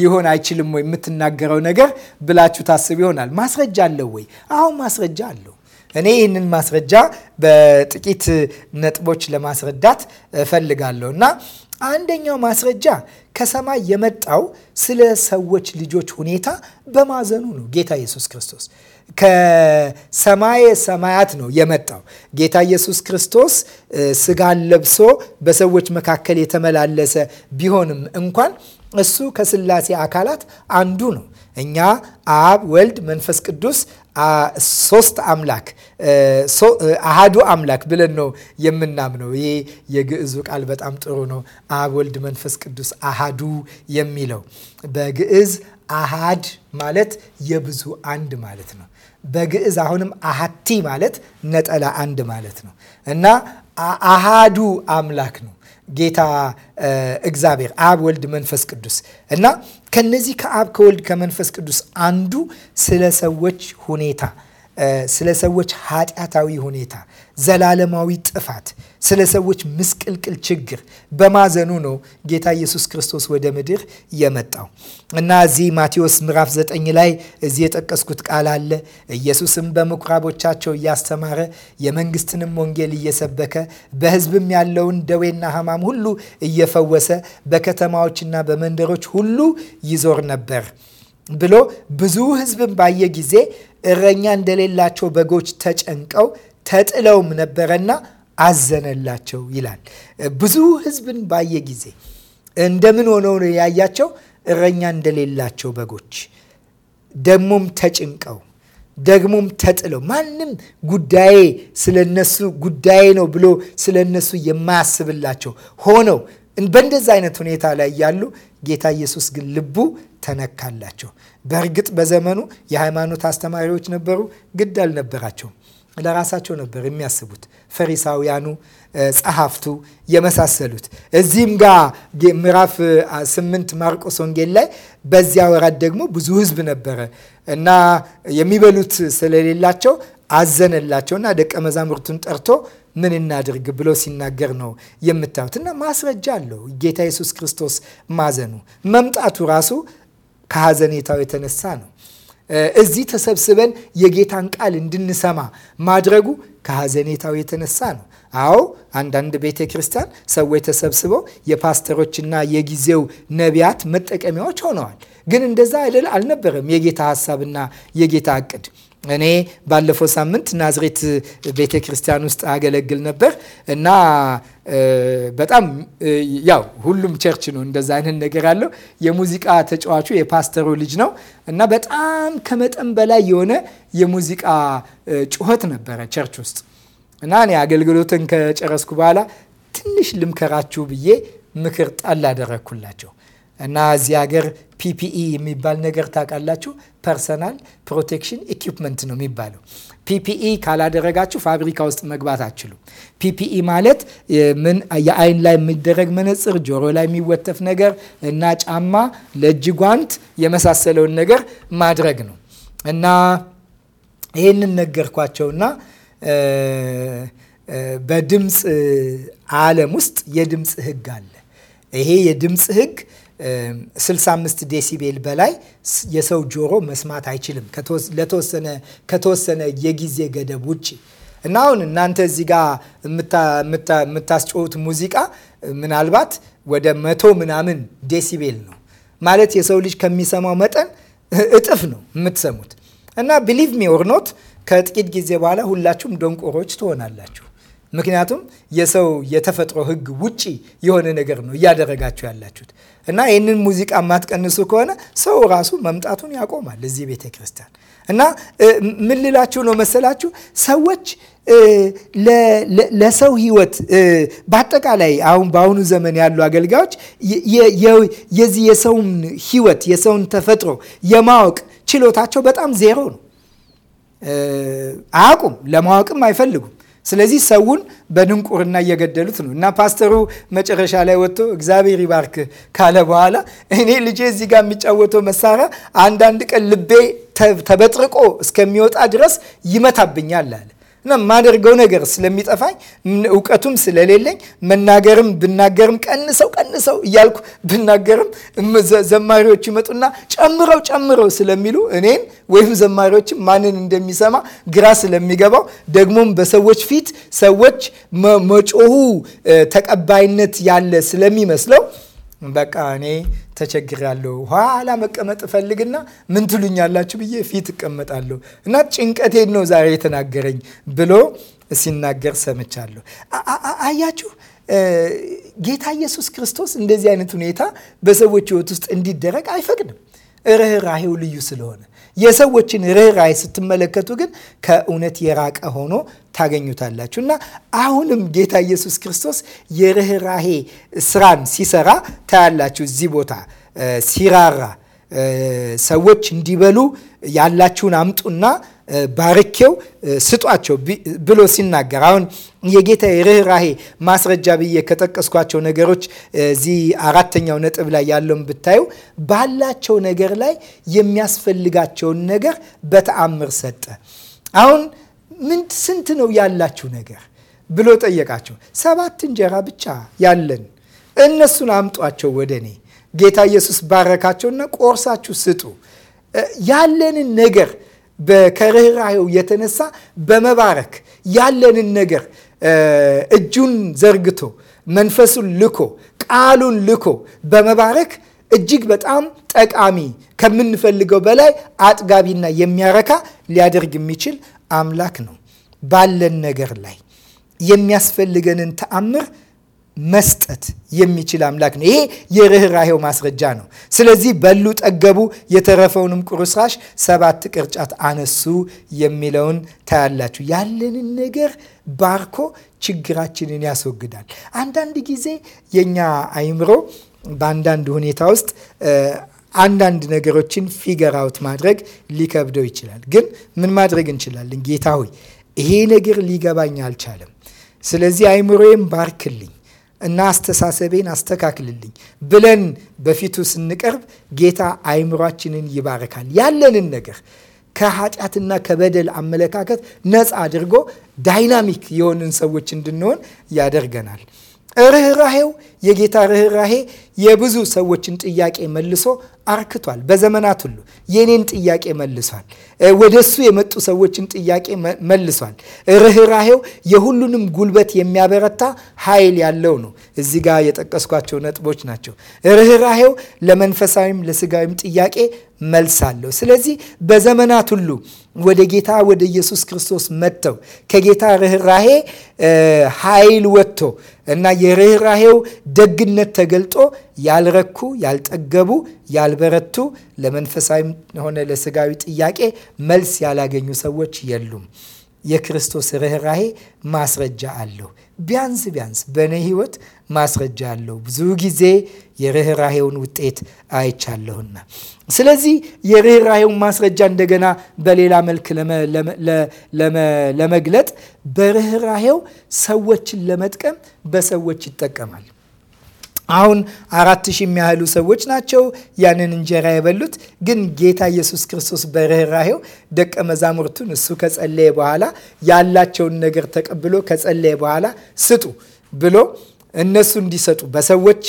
ሊሆን አይችልም ወይ የምትናገረው ነገር ብላችሁ ታስብ ይሆናል። ማስረጃ አለው ወይ? አሁን ማስረጃ አለው። እኔ ይህንን ማስረጃ በጥቂት ነጥቦች ለማስረዳት እፈልጋለሁ እና አንደኛው ማስረጃ ከሰማይ የመጣው ስለ ሰዎች ልጆች ሁኔታ በማዘኑ ነው ጌታ ኢየሱስ ክርስቶስ ከሰማየ ሰማያት ነው የመጣው። ጌታ ኢየሱስ ክርስቶስ ስጋን ለብሶ በሰዎች መካከል የተመላለሰ ቢሆንም እንኳን እሱ ከስላሴ አካላት አንዱ ነው። እኛ አብ፣ ወልድ፣ መንፈስ ቅዱስ ሶስት አምላክ አሃዱ አምላክ ብለን ነው የምናምነው። ይሄ የግዕዙ ቃል በጣም ጥሩ ነው። አብ፣ ወልድ፣ መንፈስ ቅዱስ አሃዱ የሚለው በግዕዝ አሃድ ማለት የብዙ አንድ ማለት ነው። በግዕዝ አሁንም አሃቲ ማለት ነጠላ አንድ ማለት ነው እና አሃዱ አምላክ ነው ጌታ እግዚአብሔር አብ፣ ወልድ፣ መንፈስ ቅዱስ እና ከነዚህ ከአብ ከወልድ ከመንፈስ ቅዱስ አንዱ ስለ ሰዎች ሁኔታ ስለ ሰዎች ኃጢአታዊ ሁኔታ ዘላለማዊ ጥፋት፣ ስለ ሰዎች ምስቅልቅል ችግር በማዘኑ ነው ጌታ ኢየሱስ ክርስቶስ ወደ ምድር የመጣው እና እዚህ ማቴዎስ ምዕራፍ 9 ላይ እዚህ የጠቀስኩት ቃል አለ። ኢየሱስም በምኩራቦቻቸው እያስተማረ የመንግስትንም ወንጌል እየሰበከ በሕዝብም ያለውን ደዌና ሕማም ሁሉ እየፈወሰ በከተማዎችና በመንደሮች ሁሉ ይዞር ነበር ብሎ ብዙ ሕዝብን ባየ ጊዜ እረኛ እንደሌላቸው በጎች ተጨንቀው ተጥለውም ነበረና አዘነላቸው ይላል። ብዙ ህዝብን ባየ ጊዜ እንደምን ሆነው ያያቸው? እረኛ እንደሌላቸው በጎች፣ ደግሞም ተጭንቀው፣ ደግሞም ተጥለው፣ ማንም ጉዳዬ ስለነሱ ጉዳዬ ነው ብሎ ስለነሱ የማያስብላቸው ሆነው በእንደዚ አይነት ሁኔታ ላይ ያሉ ጌታ ኢየሱስ ግን ልቡ ተነካላቸው። በእርግጥ በዘመኑ የሃይማኖት አስተማሪዎች ነበሩ፣ ግድ አልነበራቸውም። ለራሳቸው ነበር የሚያስቡት ፈሪሳውያኑ፣ ጸሐፍቱ የመሳሰሉት። እዚህም ጋር ምዕራፍ ስምንት ማርቆስ ወንጌል ላይ በዚያ ወራት ደግሞ ብዙ ህዝብ ነበረ እና የሚበሉት ስለሌላቸው አዘነላቸውና ደቀ መዛሙርቱን ጠርቶ ምን እናድርግ ብሎ ሲናገር ነው የምታዩት። እና ማስረጃ አለው ጌታ ኢየሱስ ክርስቶስ ማዘኑ መምጣቱ ራሱ ከሐዘኔታው የተነሳ ነው። እዚህ ተሰብስበን የጌታን ቃል እንድንሰማ ማድረጉ ከሐዘኔታው የተነሳ ነው። አዎ አንዳንድ ቤተ ክርስቲያን ሰዎች ተሰብስበው የፓስተሮችና የጊዜው ነቢያት መጠቀሚያዎች ሆነዋል። ግን እንደዛ አይደል አልነበረም የጌታ ሀሳብና የጌታ እቅድ እኔ ባለፈው ሳምንት ናዝሬት ቤተ ክርስቲያን ውስጥ አገለግል ነበር እና በጣም ያው ሁሉም ቸርች ነው እንደዛ አይነት ነገር አለው። የሙዚቃ ተጫዋቹ የፓስተሩ ልጅ ነው እና በጣም ከመጠን በላይ የሆነ የሙዚቃ ጩኸት ነበረ ቸርች ውስጥ እና እኔ አገልግሎትን ከጨረስኩ በኋላ ትንሽ ልምከራችሁ ብዬ ምክር ጣል አደረግኩላቸው። እና እዚህ ሀገር ፒፒኢ የሚባል ነገር ታውቃላችሁ። ፐርሰናል ፕሮቴክሽን ኢኩፕመንት ነው የሚባለው። ፒፒኢ ካላደረጋችሁ ፋብሪካ ውስጥ መግባት አትችሉ። ፒፒኢ ማለት ምን የአይን ላይ የሚደረግ መነጽር፣ ጆሮ ላይ የሚወተፍ ነገር እና ጫማ፣ ለእጅ ጓንት የመሳሰለውን ነገር ማድረግ ነው እና ይህንን ነገርኳቸውና በድምፅ ዓለም ውስጥ የድምፅ ህግ አለ። ይሄ የድምፅ ህግ 65 ዴሲቤል በላይ የሰው ጆሮ መስማት አይችልም ከተወሰነ የጊዜ ገደብ ውጭ እና አሁን እናንተ እዚህ ጋር የምታስጮሁት ሙዚቃ ምናልባት ወደ መቶ ምናምን ዴሲቤል ነው ማለት የሰው ልጅ ከሚሰማው መጠን እጥፍ ነው የምትሰሙት እና ቢሊቭ ሚ ኦር ኖት ከጥቂት ጊዜ በኋላ ሁላችሁም ደንቆሮች ትሆናላችሁ ምክንያቱም የሰው የተፈጥሮ ህግ ውጪ የሆነ ነገር ነው እያደረጋችሁ ያላችሁት እና ይህንን ሙዚቃ የማትቀንሱ ከሆነ ሰው ራሱ መምጣቱን ያቆማል እዚህ ቤተ ክርስቲያን። እና ምን ልላችሁ ነው መሰላችሁ ሰዎች ለሰው ህይወት በአጠቃላይ አሁን በአሁኑ ዘመን ያሉ አገልጋዮች የዚህ የሰውን ህይወት የሰውን ተፈጥሮ የማወቅ ችሎታቸው በጣም ዜሮ ነው። አያውቁም፣ ለማወቅም አይፈልጉም። ስለዚህ ሰውን በድንቁርና እየገደሉት ነው እና ፓስተሩ መጨረሻ ላይ ወጥቶ እግዚአብሔር ይባርክ ካለ በኋላ እኔ ልጄ እዚህ ጋር የሚጫወተው መሳሪያ አንዳንድ ቀን ልቤ ተበጥርቆ እስከሚወጣ ድረስ ይመታብኛል አለ። እና የማደርገው ነገር ስለሚጠፋኝ እውቀቱም ስለሌለኝ መናገርም ብናገርም ቀንሰው ቀንሰው እያልኩ ብናገርም ዘማሪዎች ይመጡና ጨምረው ጨምረው ስለሚሉ እኔን ወይም ዘማሪዎችን ማንን እንደሚሰማ ግራ ስለሚገባው ደግሞም በሰዎች ፊት ሰዎች መጮሁ ተቀባይነት ያለ ስለሚመስለው በቃ እኔ ተቸግሬያለሁ፣ ኋላ መቀመጥ እፈልግና ምን ትሉኛላችሁ ብዬ ፊት እቀመጣለሁ እና ጭንቀቴን ነው ዛሬ የተናገረኝ ብሎ ሲናገር ሰምቻለሁ። አያችሁ ጌታ ኢየሱስ ክርስቶስ እንደዚህ አይነት ሁኔታ በሰዎች ሕይወት ውስጥ እንዲደረግ አይፈቅድም። ርኅራሄው ልዩ ስለሆነ የሰዎችን ርኅራይ ስትመለከቱ ግን ከእውነት የራቀ ሆኖ ታገኙታላችሁ። እና አሁንም ጌታ ኢየሱስ ክርስቶስ የርኅራሄ ስራን ሲሰራ ታያላችሁ። እዚህ ቦታ ሲራራ ሰዎች እንዲበሉ ያላችሁን አምጡና ባርኬው ስጧቸው ብሎ ሲናገር አሁን የጌታ የርኅራሄ ማስረጃ ብዬ ከጠቀስኳቸው ነገሮች እዚህ አራተኛው ነጥብ ላይ ያለውን ብታዩ ባላቸው ነገር ላይ የሚያስፈልጋቸውን ነገር በተአምር ሰጠ። አሁን ምን ስንት ነው ያላችሁ ነገር ብሎ ጠየቃቸው። ሰባት እንጀራ ብቻ ያለን እነሱን አምጧቸው ወደ እኔ። ጌታ ኢየሱስ ባረካቸውና ቆርሳችሁ ስጡ ያለንን ነገር ከርኅራኄው የተነሳ በመባረክ ያለንን ነገር እጁን ዘርግቶ መንፈሱን ልኮ ቃሉን ልኮ በመባረክ እጅግ በጣም ጠቃሚ ከምንፈልገው በላይ አጥጋቢና የሚያረካ ሊያደርግ የሚችል አምላክ ነው። ባለን ነገር ላይ የሚያስፈልገንን ተአምር መስጠት የሚችል አምላክ ነው። ይሄ የርኅራሄው ማስረጃ ነው። ስለዚህ በሉ፣ ጠገቡ፣ የተረፈውንም ቁርስራሽ ሰባት ቅርጫት አነሱ የሚለውን ታያላችሁ። ያለንን ነገር ባርኮ ችግራችንን ያስወግዳል። አንዳንድ ጊዜ የኛ አይምሮ በአንዳንድ ሁኔታ ውስጥ አንዳንድ ነገሮችን ፊገር አውት ማድረግ ሊከብደው ይችላል። ግን ምን ማድረግ እንችላለን? ጌታ ሆይ ይሄ ነገር ሊገባኝ አልቻለም፣ ስለዚህ አይምሮዬም ባርክልኝ እና አስተሳሰቤን አስተካክልልኝ ብለን በፊቱ ስንቀርብ ጌታ አይምሯችንን ይባረካል። ያለንን ነገር ከኃጢአትና ከበደል አመለካከት ነፃ አድርጎ ዳይናሚክ የሆንን ሰዎች እንድንሆን ያደርገናል። ርኅራሄው የጌታ ርኅራሄ የብዙ ሰዎችን ጥያቄ መልሶ አርክቷል። በዘመናት ሁሉ የኔን ጥያቄ መልሷል። ወደሱ የመጡ ሰዎችን ጥያቄ መልሷል። ርኅራሄው የሁሉንም ጉልበት የሚያበረታ ኃይል ያለው ነው። እዚህ ጋር የጠቀስኳቸው ነጥቦች ናቸው። ርኅራሄው ለመንፈሳዊም ለስጋዊም ጥያቄ መልስ አለው። ስለዚህ በዘመናት ሁሉ ወደ ጌታ ወደ ኢየሱስ ክርስቶስ መጥተው ከጌታ ርኅራሄ ኃይል ወጥቶ እና የርኅራሄው ደግነት ተገልጦ ያልረኩ፣ ያልጠገቡ፣ ያልበረቱ ለመንፈሳዊም ሆነ ለስጋዊ ጥያቄ መልስ ያላገኙ ሰዎች የሉም። የክርስቶስ ርኅራሄ ማስረጃ አለው። ቢያንስ ቢያንስ በእኔ ህይወት ማስረጃ አለው። ብዙ ጊዜ የርኅራሄውን ውጤት አይቻለሁና፣ ስለዚህ የርኅራሄውን ማስረጃ እንደገና በሌላ መልክ ለመግለጥ በርኅራሄው ሰዎችን ለመጥቀም በሰዎች ይጠቀማል። አሁን አራት ሺህ የሚያህሉ ሰዎች ናቸው ያንን እንጀራ የበሉት። ግን ጌታ ኢየሱስ ክርስቶስ በርኅራሄው ደቀ መዛሙርቱን እሱ ከጸለየ በኋላ ያላቸውን ነገር ተቀብሎ ከጸለየ በኋላ ስጡ ብሎ እነሱ እንዲሰጡ በሰዎች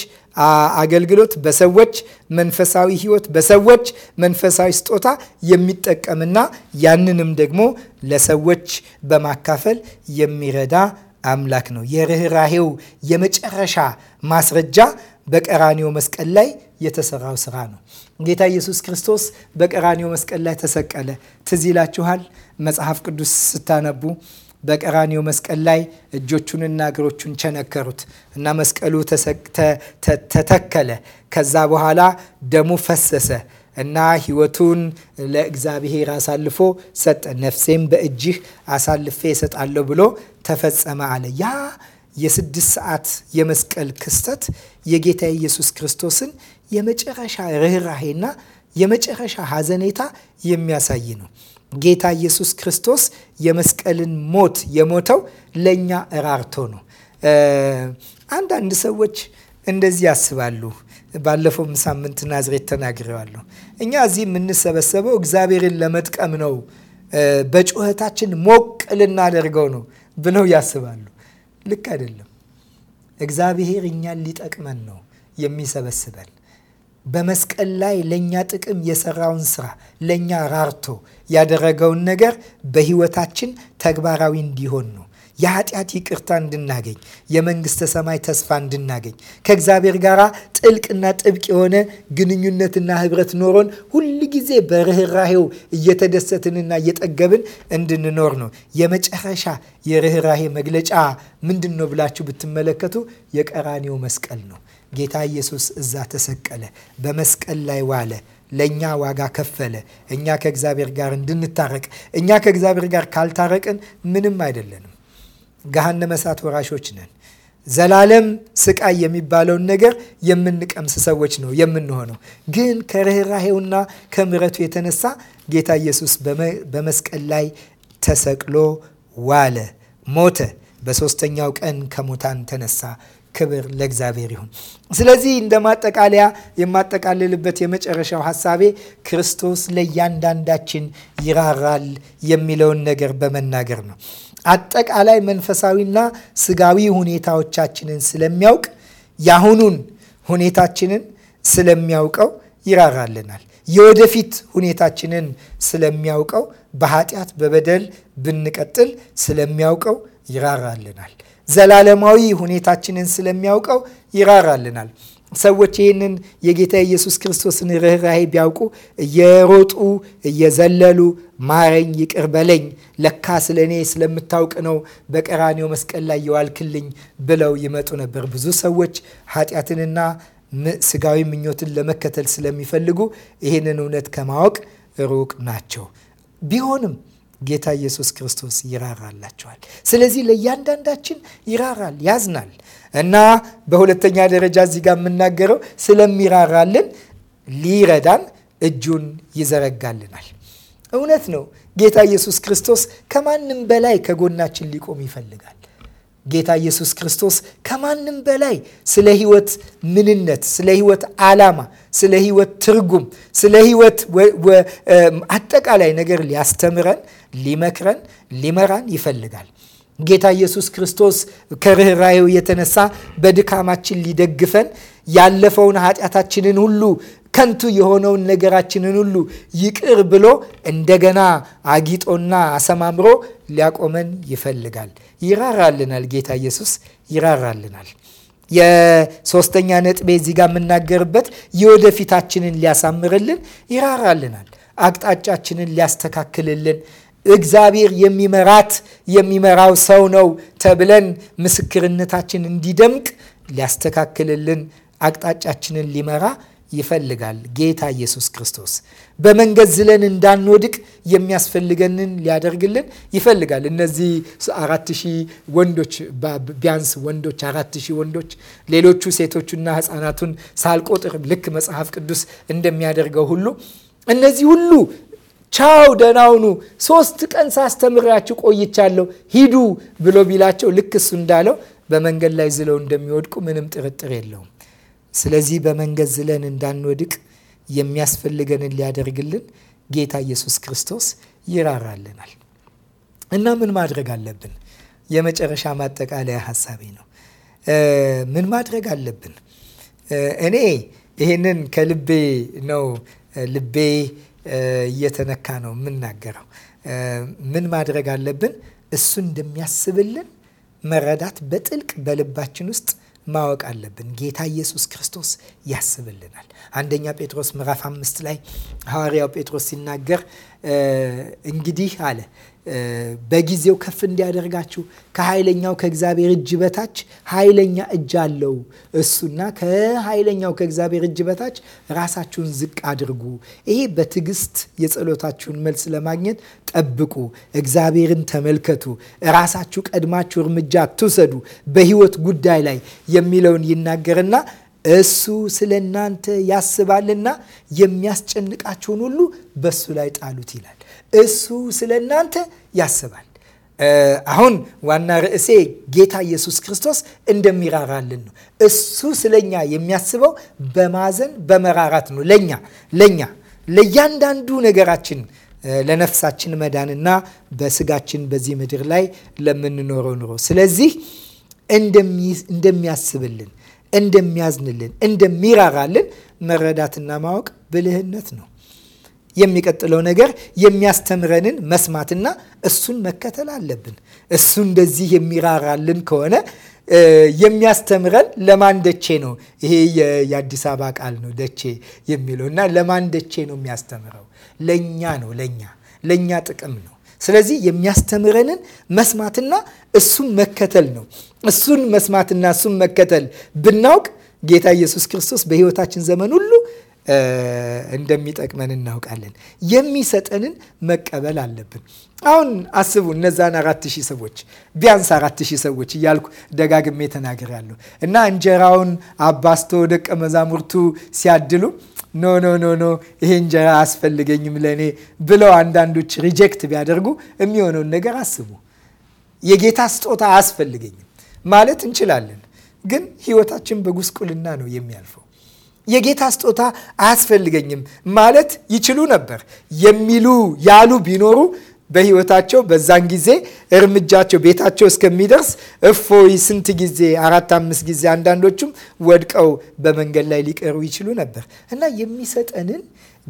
አገልግሎት፣ በሰዎች መንፈሳዊ ሕይወት፣ በሰዎች መንፈሳዊ ስጦታ የሚጠቀምና ያንንም ደግሞ ለሰዎች በማካፈል የሚረዳ አምላክ ነው። የርኅራሄው የመጨረሻ ማስረጃ በቀራኒዮ መስቀል ላይ የተሰራው ስራ ነው። ጌታ ኢየሱስ ክርስቶስ በቀራኒዮ መስቀል ላይ ተሰቀለ። ትዝ ይላችኋል። መጽሐፍ ቅዱስ ስታነቡ በቀራኒዮ መስቀል ላይ እጆቹንና እግሮቹን ቸነከሩት እና መስቀሉ ተተከለ። ከዛ በኋላ ደሙ ፈሰሰ እና ሕይወቱን ለእግዚአብሔር አሳልፎ ሰጠ። ነፍሴም በእጅህ አሳልፌ እሰጣለሁ ብሎ ተፈጸመ አለ። ያ የስድስት ሰዓት የመስቀል ክስተት የጌታ ኢየሱስ ክርስቶስን የመጨረሻ ርኅራሄና የመጨረሻ ሐዘኔታ የሚያሳይ ነው። ጌታ ኢየሱስ ክርስቶስ የመስቀልን ሞት የሞተው ለእኛ እራርቶ ነው። አንዳንድ ሰዎች እንደዚህ ያስባሉ። ባለፈውም ሳምንት ናዝሬት ተናግሬዋለሁ። እኛ እዚህ የምንሰበሰበው እግዚአብሔርን ለመጥቀም ነው። በጩኸታችን ሞቅ ልናደርገው ነው ብለው ያስባሉ። ልክ አይደለም። እግዚአብሔር እኛን ሊጠቅመን ነው የሚሰበስበን። በመስቀል ላይ ለእኛ ጥቅም የሰራውን ስራ ለእኛ ራርቶ ያደረገውን ነገር በህይወታችን ተግባራዊ እንዲሆን ነው የኃጢአት ይቅርታ እንድናገኝ፣ የመንግስተ ሰማይ ተስፋ እንድናገኝ፣ ከእግዚአብሔር ጋር ጥልቅና ጥብቅ የሆነ ግንኙነትና ህብረት ኖሮን ሁል ጊዜ በርኅራሄው እየተደሰትንና እየጠገብን እንድንኖር ነው። የመጨረሻ የርኅራሄ መግለጫ ምንድን ነው ብላችሁ ብትመለከቱ የቀራኔው መስቀል ነው። ጌታ ኢየሱስ እዛ ተሰቀለ፣ በመስቀል ላይ ዋለ። ለእኛ ዋጋ ከፈለ። እኛ ከእግዚአብሔር ጋር እንድንታረቅ። እኛ ከእግዚአብሔር ጋር ካልታረቅን ምንም አይደለንም። ገሃነመ እሳት ወራሾች ነን። ዘላለም ስቃይ የሚባለውን ነገር የምንቀምስ ሰዎች ነው የምንሆነው። ግን ከርኅራሄውና ከምረቱ የተነሳ ጌታ ኢየሱስ በመስቀል ላይ ተሰቅሎ ዋለ፣ ሞተ፣ በሦስተኛው ቀን ከሙታን ተነሳ። ክብር ለእግዚአብሔር ይሁን። ስለዚህ እንደ ማጠቃለያ የማጠቃልልበት የመጨረሻው ሀሳቤ ክርስቶስ ለእያንዳንዳችን ይራራል የሚለውን ነገር በመናገር ነው። አጠቃላይ መንፈሳዊና ስጋዊ ሁኔታዎቻችንን ስለሚያውቅ ያሁኑን ሁኔታችንን ስለሚያውቀው ይራራልናል። የወደፊት ሁኔታችንን ስለሚያውቀው በኃጢአት በበደል ብንቀጥል ስለሚያውቀው ይራራልናል። ዘላለማዊ ሁኔታችንን ስለሚያውቀው ይራራልናል። ሰዎች ይህንን የጌታ ኢየሱስ ክርስቶስን ርኅራሄ ቢያውቁ እየሮጡ እየዘለሉ ማረኝ፣ ይቅር በለኝ፣ ለካ ስለ እኔ ስለምታውቅ ነው በቀራኔው መስቀል ላይ የዋልክልኝ ብለው ይመጡ ነበር። ብዙ ሰዎች ኃጢአትንና ስጋዊ ምኞትን ለመከተል ስለሚፈልጉ ይህንን እውነት ከማወቅ ሩቅ ናቸው። ቢሆንም ጌታ ኢየሱስ ክርስቶስ ይራራላቸዋል። ስለዚህ ለእያንዳንዳችን ይራራል፣ ያዝናል እና በሁለተኛ ደረጃ እዚህ ጋር የምናገረው ስለሚራራልን ሊረዳን እጁን ይዘረጋልናል። እውነት ነው። ጌታ ኢየሱስ ክርስቶስ ከማንም በላይ ከጎናችን ሊቆም ይፈልጋል። ጌታ ኢየሱስ ክርስቶስ ከማንም በላይ ስለ ሕይወት ምንነት፣ ስለ ሕይወት ዓላማ፣ ስለ ሕይወት ትርጉም፣ ስለ ሕይወት አጠቃላይ ነገር ሊያስተምረን ሊመክረን፣ ሊመራን ይፈልጋል። ጌታ ኢየሱስ ክርስቶስ ከርኅራዩ የተነሳ በድካማችን ሊደግፈን ያለፈውን ኃጢአታችንን ሁሉ ከንቱ የሆነውን ነገራችንን ሁሉ ይቅር ብሎ እንደገና አጊጦና አሰማምሮ ሊያቆመን ይፈልጋል። ይራራልናል። ጌታ ኢየሱስ ይራራልናል። የሶስተኛ ነጥቤ እዚህ ጋር የምናገርበት የወደፊታችንን ሊያሳምርልን ይራራልናል። አቅጣጫችንን ሊያስተካክልልን እግዚአብሔር የሚመራት የሚመራው ሰው ነው ተብለን ምስክርነታችን እንዲደምቅ ሊያስተካክልልን አቅጣጫችንን ሊመራ ይፈልጋል። ጌታ ኢየሱስ ክርስቶስ በመንገድ ዝለን እንዳንወድቅ የሚያስፈልገንን ሊያደርግልን ይፈልጋል። እነዚህ አራት ሺህ ወንዶች ቢያንስ ወንዶች አራት ሺህ ወንዶች ሌሎቹ ሴቶቹና ሕፃናቱን ሳልቆጥር ልክ መጽሐፍ ቅዱስ እንደሚያደርገው ሁሉ እነዚህ ሁሉ ቻው ደናውኑ ሶስት ቀን ሳስተምራችሁ ቆይቻለሁ፣ ሂዱ ብሎ ቢላቸው ልክ እሱ እንዳለው በመንገድ ላይ ዝለው እንደሚወድቁ ምንም ጥርጥር የለውም። ስለዚህ በመንገድ ዝለን እንዳንወድቅ የሚያስፈልገንን ሊያደርግልን ጌታ ኢየሱስ ክርስቶስ ይራራልናል እና ምን ማድረግ አለብን? የመጨረሻ ማጠቃለያ ሀሳቤ ነው። ምን ማድረግ አለብን? እኔ ይህንን ከልቤ ነው ልቤ እየተነካ ነው የምናገረው። ምን ማድረግ አለብን? እሱ እንደሚያስብልን መረዳት በጥልቅ በልባችን ውስጥ ማወቅ አለብን። ጌታ ኢየሱስ ክርስቶስ ያስብልናል። አንደኛ ጴጥሮስ ምዕራፍ አምስት ላይ ሐዋርያው ጴጥሮስ ሲናገር እንግዲህ አለ በጊዜው ከፍ እንዲያደርጋችሁ ከኃይለኛው ከእግዚአብሔር እጅ በታች ኃይለኛ እጅ አለው እሱና ከኃይለኛው ከእግዚአብሔር እጅ በታች ራሳችሁን ዝቅ አድርጉ። ይሄ በትዕግስት የጸሎታችሁን መልስ ለማግኘት ጠብቁ። እግዚአብሔርን ተመልከቱ። ራሳችሁ ቀድማችሁ እርምጃ አትውሰዱ በህይወት ጉዳይ ላይ የሚለውን ይናገርና እሱ ስለ እናንተ ያስባልና የሚያስጨንቃችሁን ሁሉ በሱ ላይ ጣሉት ይላል። እሱ ስለ እናንተ ያስባል። አሁን ዋና ርዕሴ ጌታ ኢየሱስ ክርስቶስ እንደሚራራልን ነው። እሱ ስለኛ የሚያስበው በማዘን በመራራት ነው። ለኛ ለኛ ለእያንዳንዱ ነገራችን ለነፍሳችን መዳንና በስጋችን በዚህ ምድር ላይ ለምንኖረው ኑሮ ስለዚህ እንደሚያስብልን፣ እንደሚያዝንልን፣ እንደሚራራልን መረዳትና ማወቅ ብልህነት ነው። የሚቀጥለው ነገር የሚያስተምረንን መስማትና እሱን መከተል አለብን። እሱ እንደዚህ የሚራራልን ከሆነ የሚያስተምረን ለማንደቼ ነው። ይሄ የአዲስ አበባ ቃል ነው ደቼ የሚለው እና ደቼ ነው የሚያስተምረው ለእኛ ነው ለእኛ ለእኛ ጥቅም ነው። ስለዚህ የሚያስተምረንን መስማትና እሱን መከተል ነው። እሱን መስማትና እሱን መከተል ብናውቅ ጌታ ኢየሱስ ክርስቶስ በሕይወታችን ዘመን ሁሉ እንደሚጠቅመን እናውቃለን። የሚሰጠንን መቀበል አለብን። አሁን አስቡ እነዛን አራት ሺህ ሰዎች ቢያንስ አራት ሺህ ሰዎች እያልኩ ደጋግሜ ተናግሬያለሁ እና እንጀራውን አባስቶ ደቀ መዛሙርቱ ሲያድሉ ኖ ኖ ኖ ኖ ይሄ እንጀራ አስፈልገኝም ለእኔ ብለው አንዳንዶች ሪጀክት ቢያደርጉ የሚሆነውን ነገር አስቡ። የጌታ ስጦታ አያስፈልገኝም ማለት እንችላለን፣ ግን ህይወታችን በጉስቁልና ነው የሚያልፈው የጌታ ስጦታ አያስፈልገኝም ማለት ይችሉ ነበር የሚሉ ያሉ ቢኖሩ በህይወታቸው በዛን ጊዜ እርምጃቸው ቤታቸው እስከሚደርስ እፎይ ስንት ጊዜ አራት አምስት ጊዜ አንዳንዶቹም ወድቀው በመንገድ ላይ ሊቀሩ ይችሉ ነበር እና የሚሰጠንን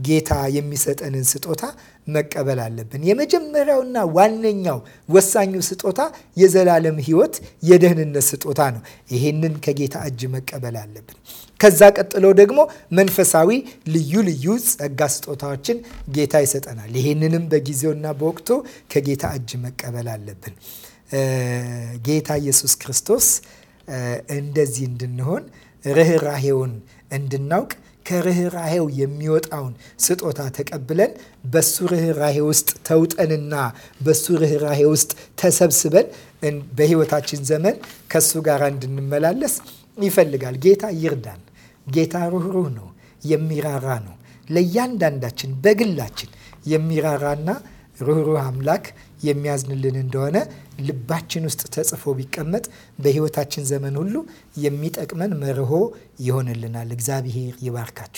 ጌታ የሚሰጠንን ስጦታ መቀበል አለብን። የመጀመሪያውና ዋነኛው ወሳኙ ስጦታ የዘላለም ህይወት የደህንነት ስጦታ ነው። ይሄንን ከጌታ እጅ መቀበል አለብን። ከዛ ቀጥሎ ደግሞ መንፈሳዊ ልዩ ልዩ ጸጋ ስጦታዎችን ጌታ ይሰጠናል። ይሄንንም በጊዜውና በወቅቱ ከጌታ እጅ መቀበል አለብን። ጌታ ኢየሱስ ክርስቶስ እንደዚህ እንድንሆን ርኅራሄውን እንድናውቅ ከርኅራሄው የሚወጣውን ስጦታ ተቀብለን በሱ ርኅራሄ ውስጥ ተውጠንና በሱ ርኅራሄ ውስጥ ተሰብስበን በሕይወታችን ዘመን ከሱ ጋር እንድንመላለስ ይፈልጋል። ጌታ ይርዳን። ጌታ ሩህሩህ ነው፣ የሚራራ ነው። ለእያንዳንዳችን በግላችን የሚራራና ሩህሩህ አምላክ የሚያዝንልን እንደሆነ ልባችን ውስጥ ተጽፎ ቢቀመጥ በሕይወታችን ዘመን ሁሉ የሚጠቅመን መርሆ ይሆንልናል። እግዚአብሔር ይባርካችሁ።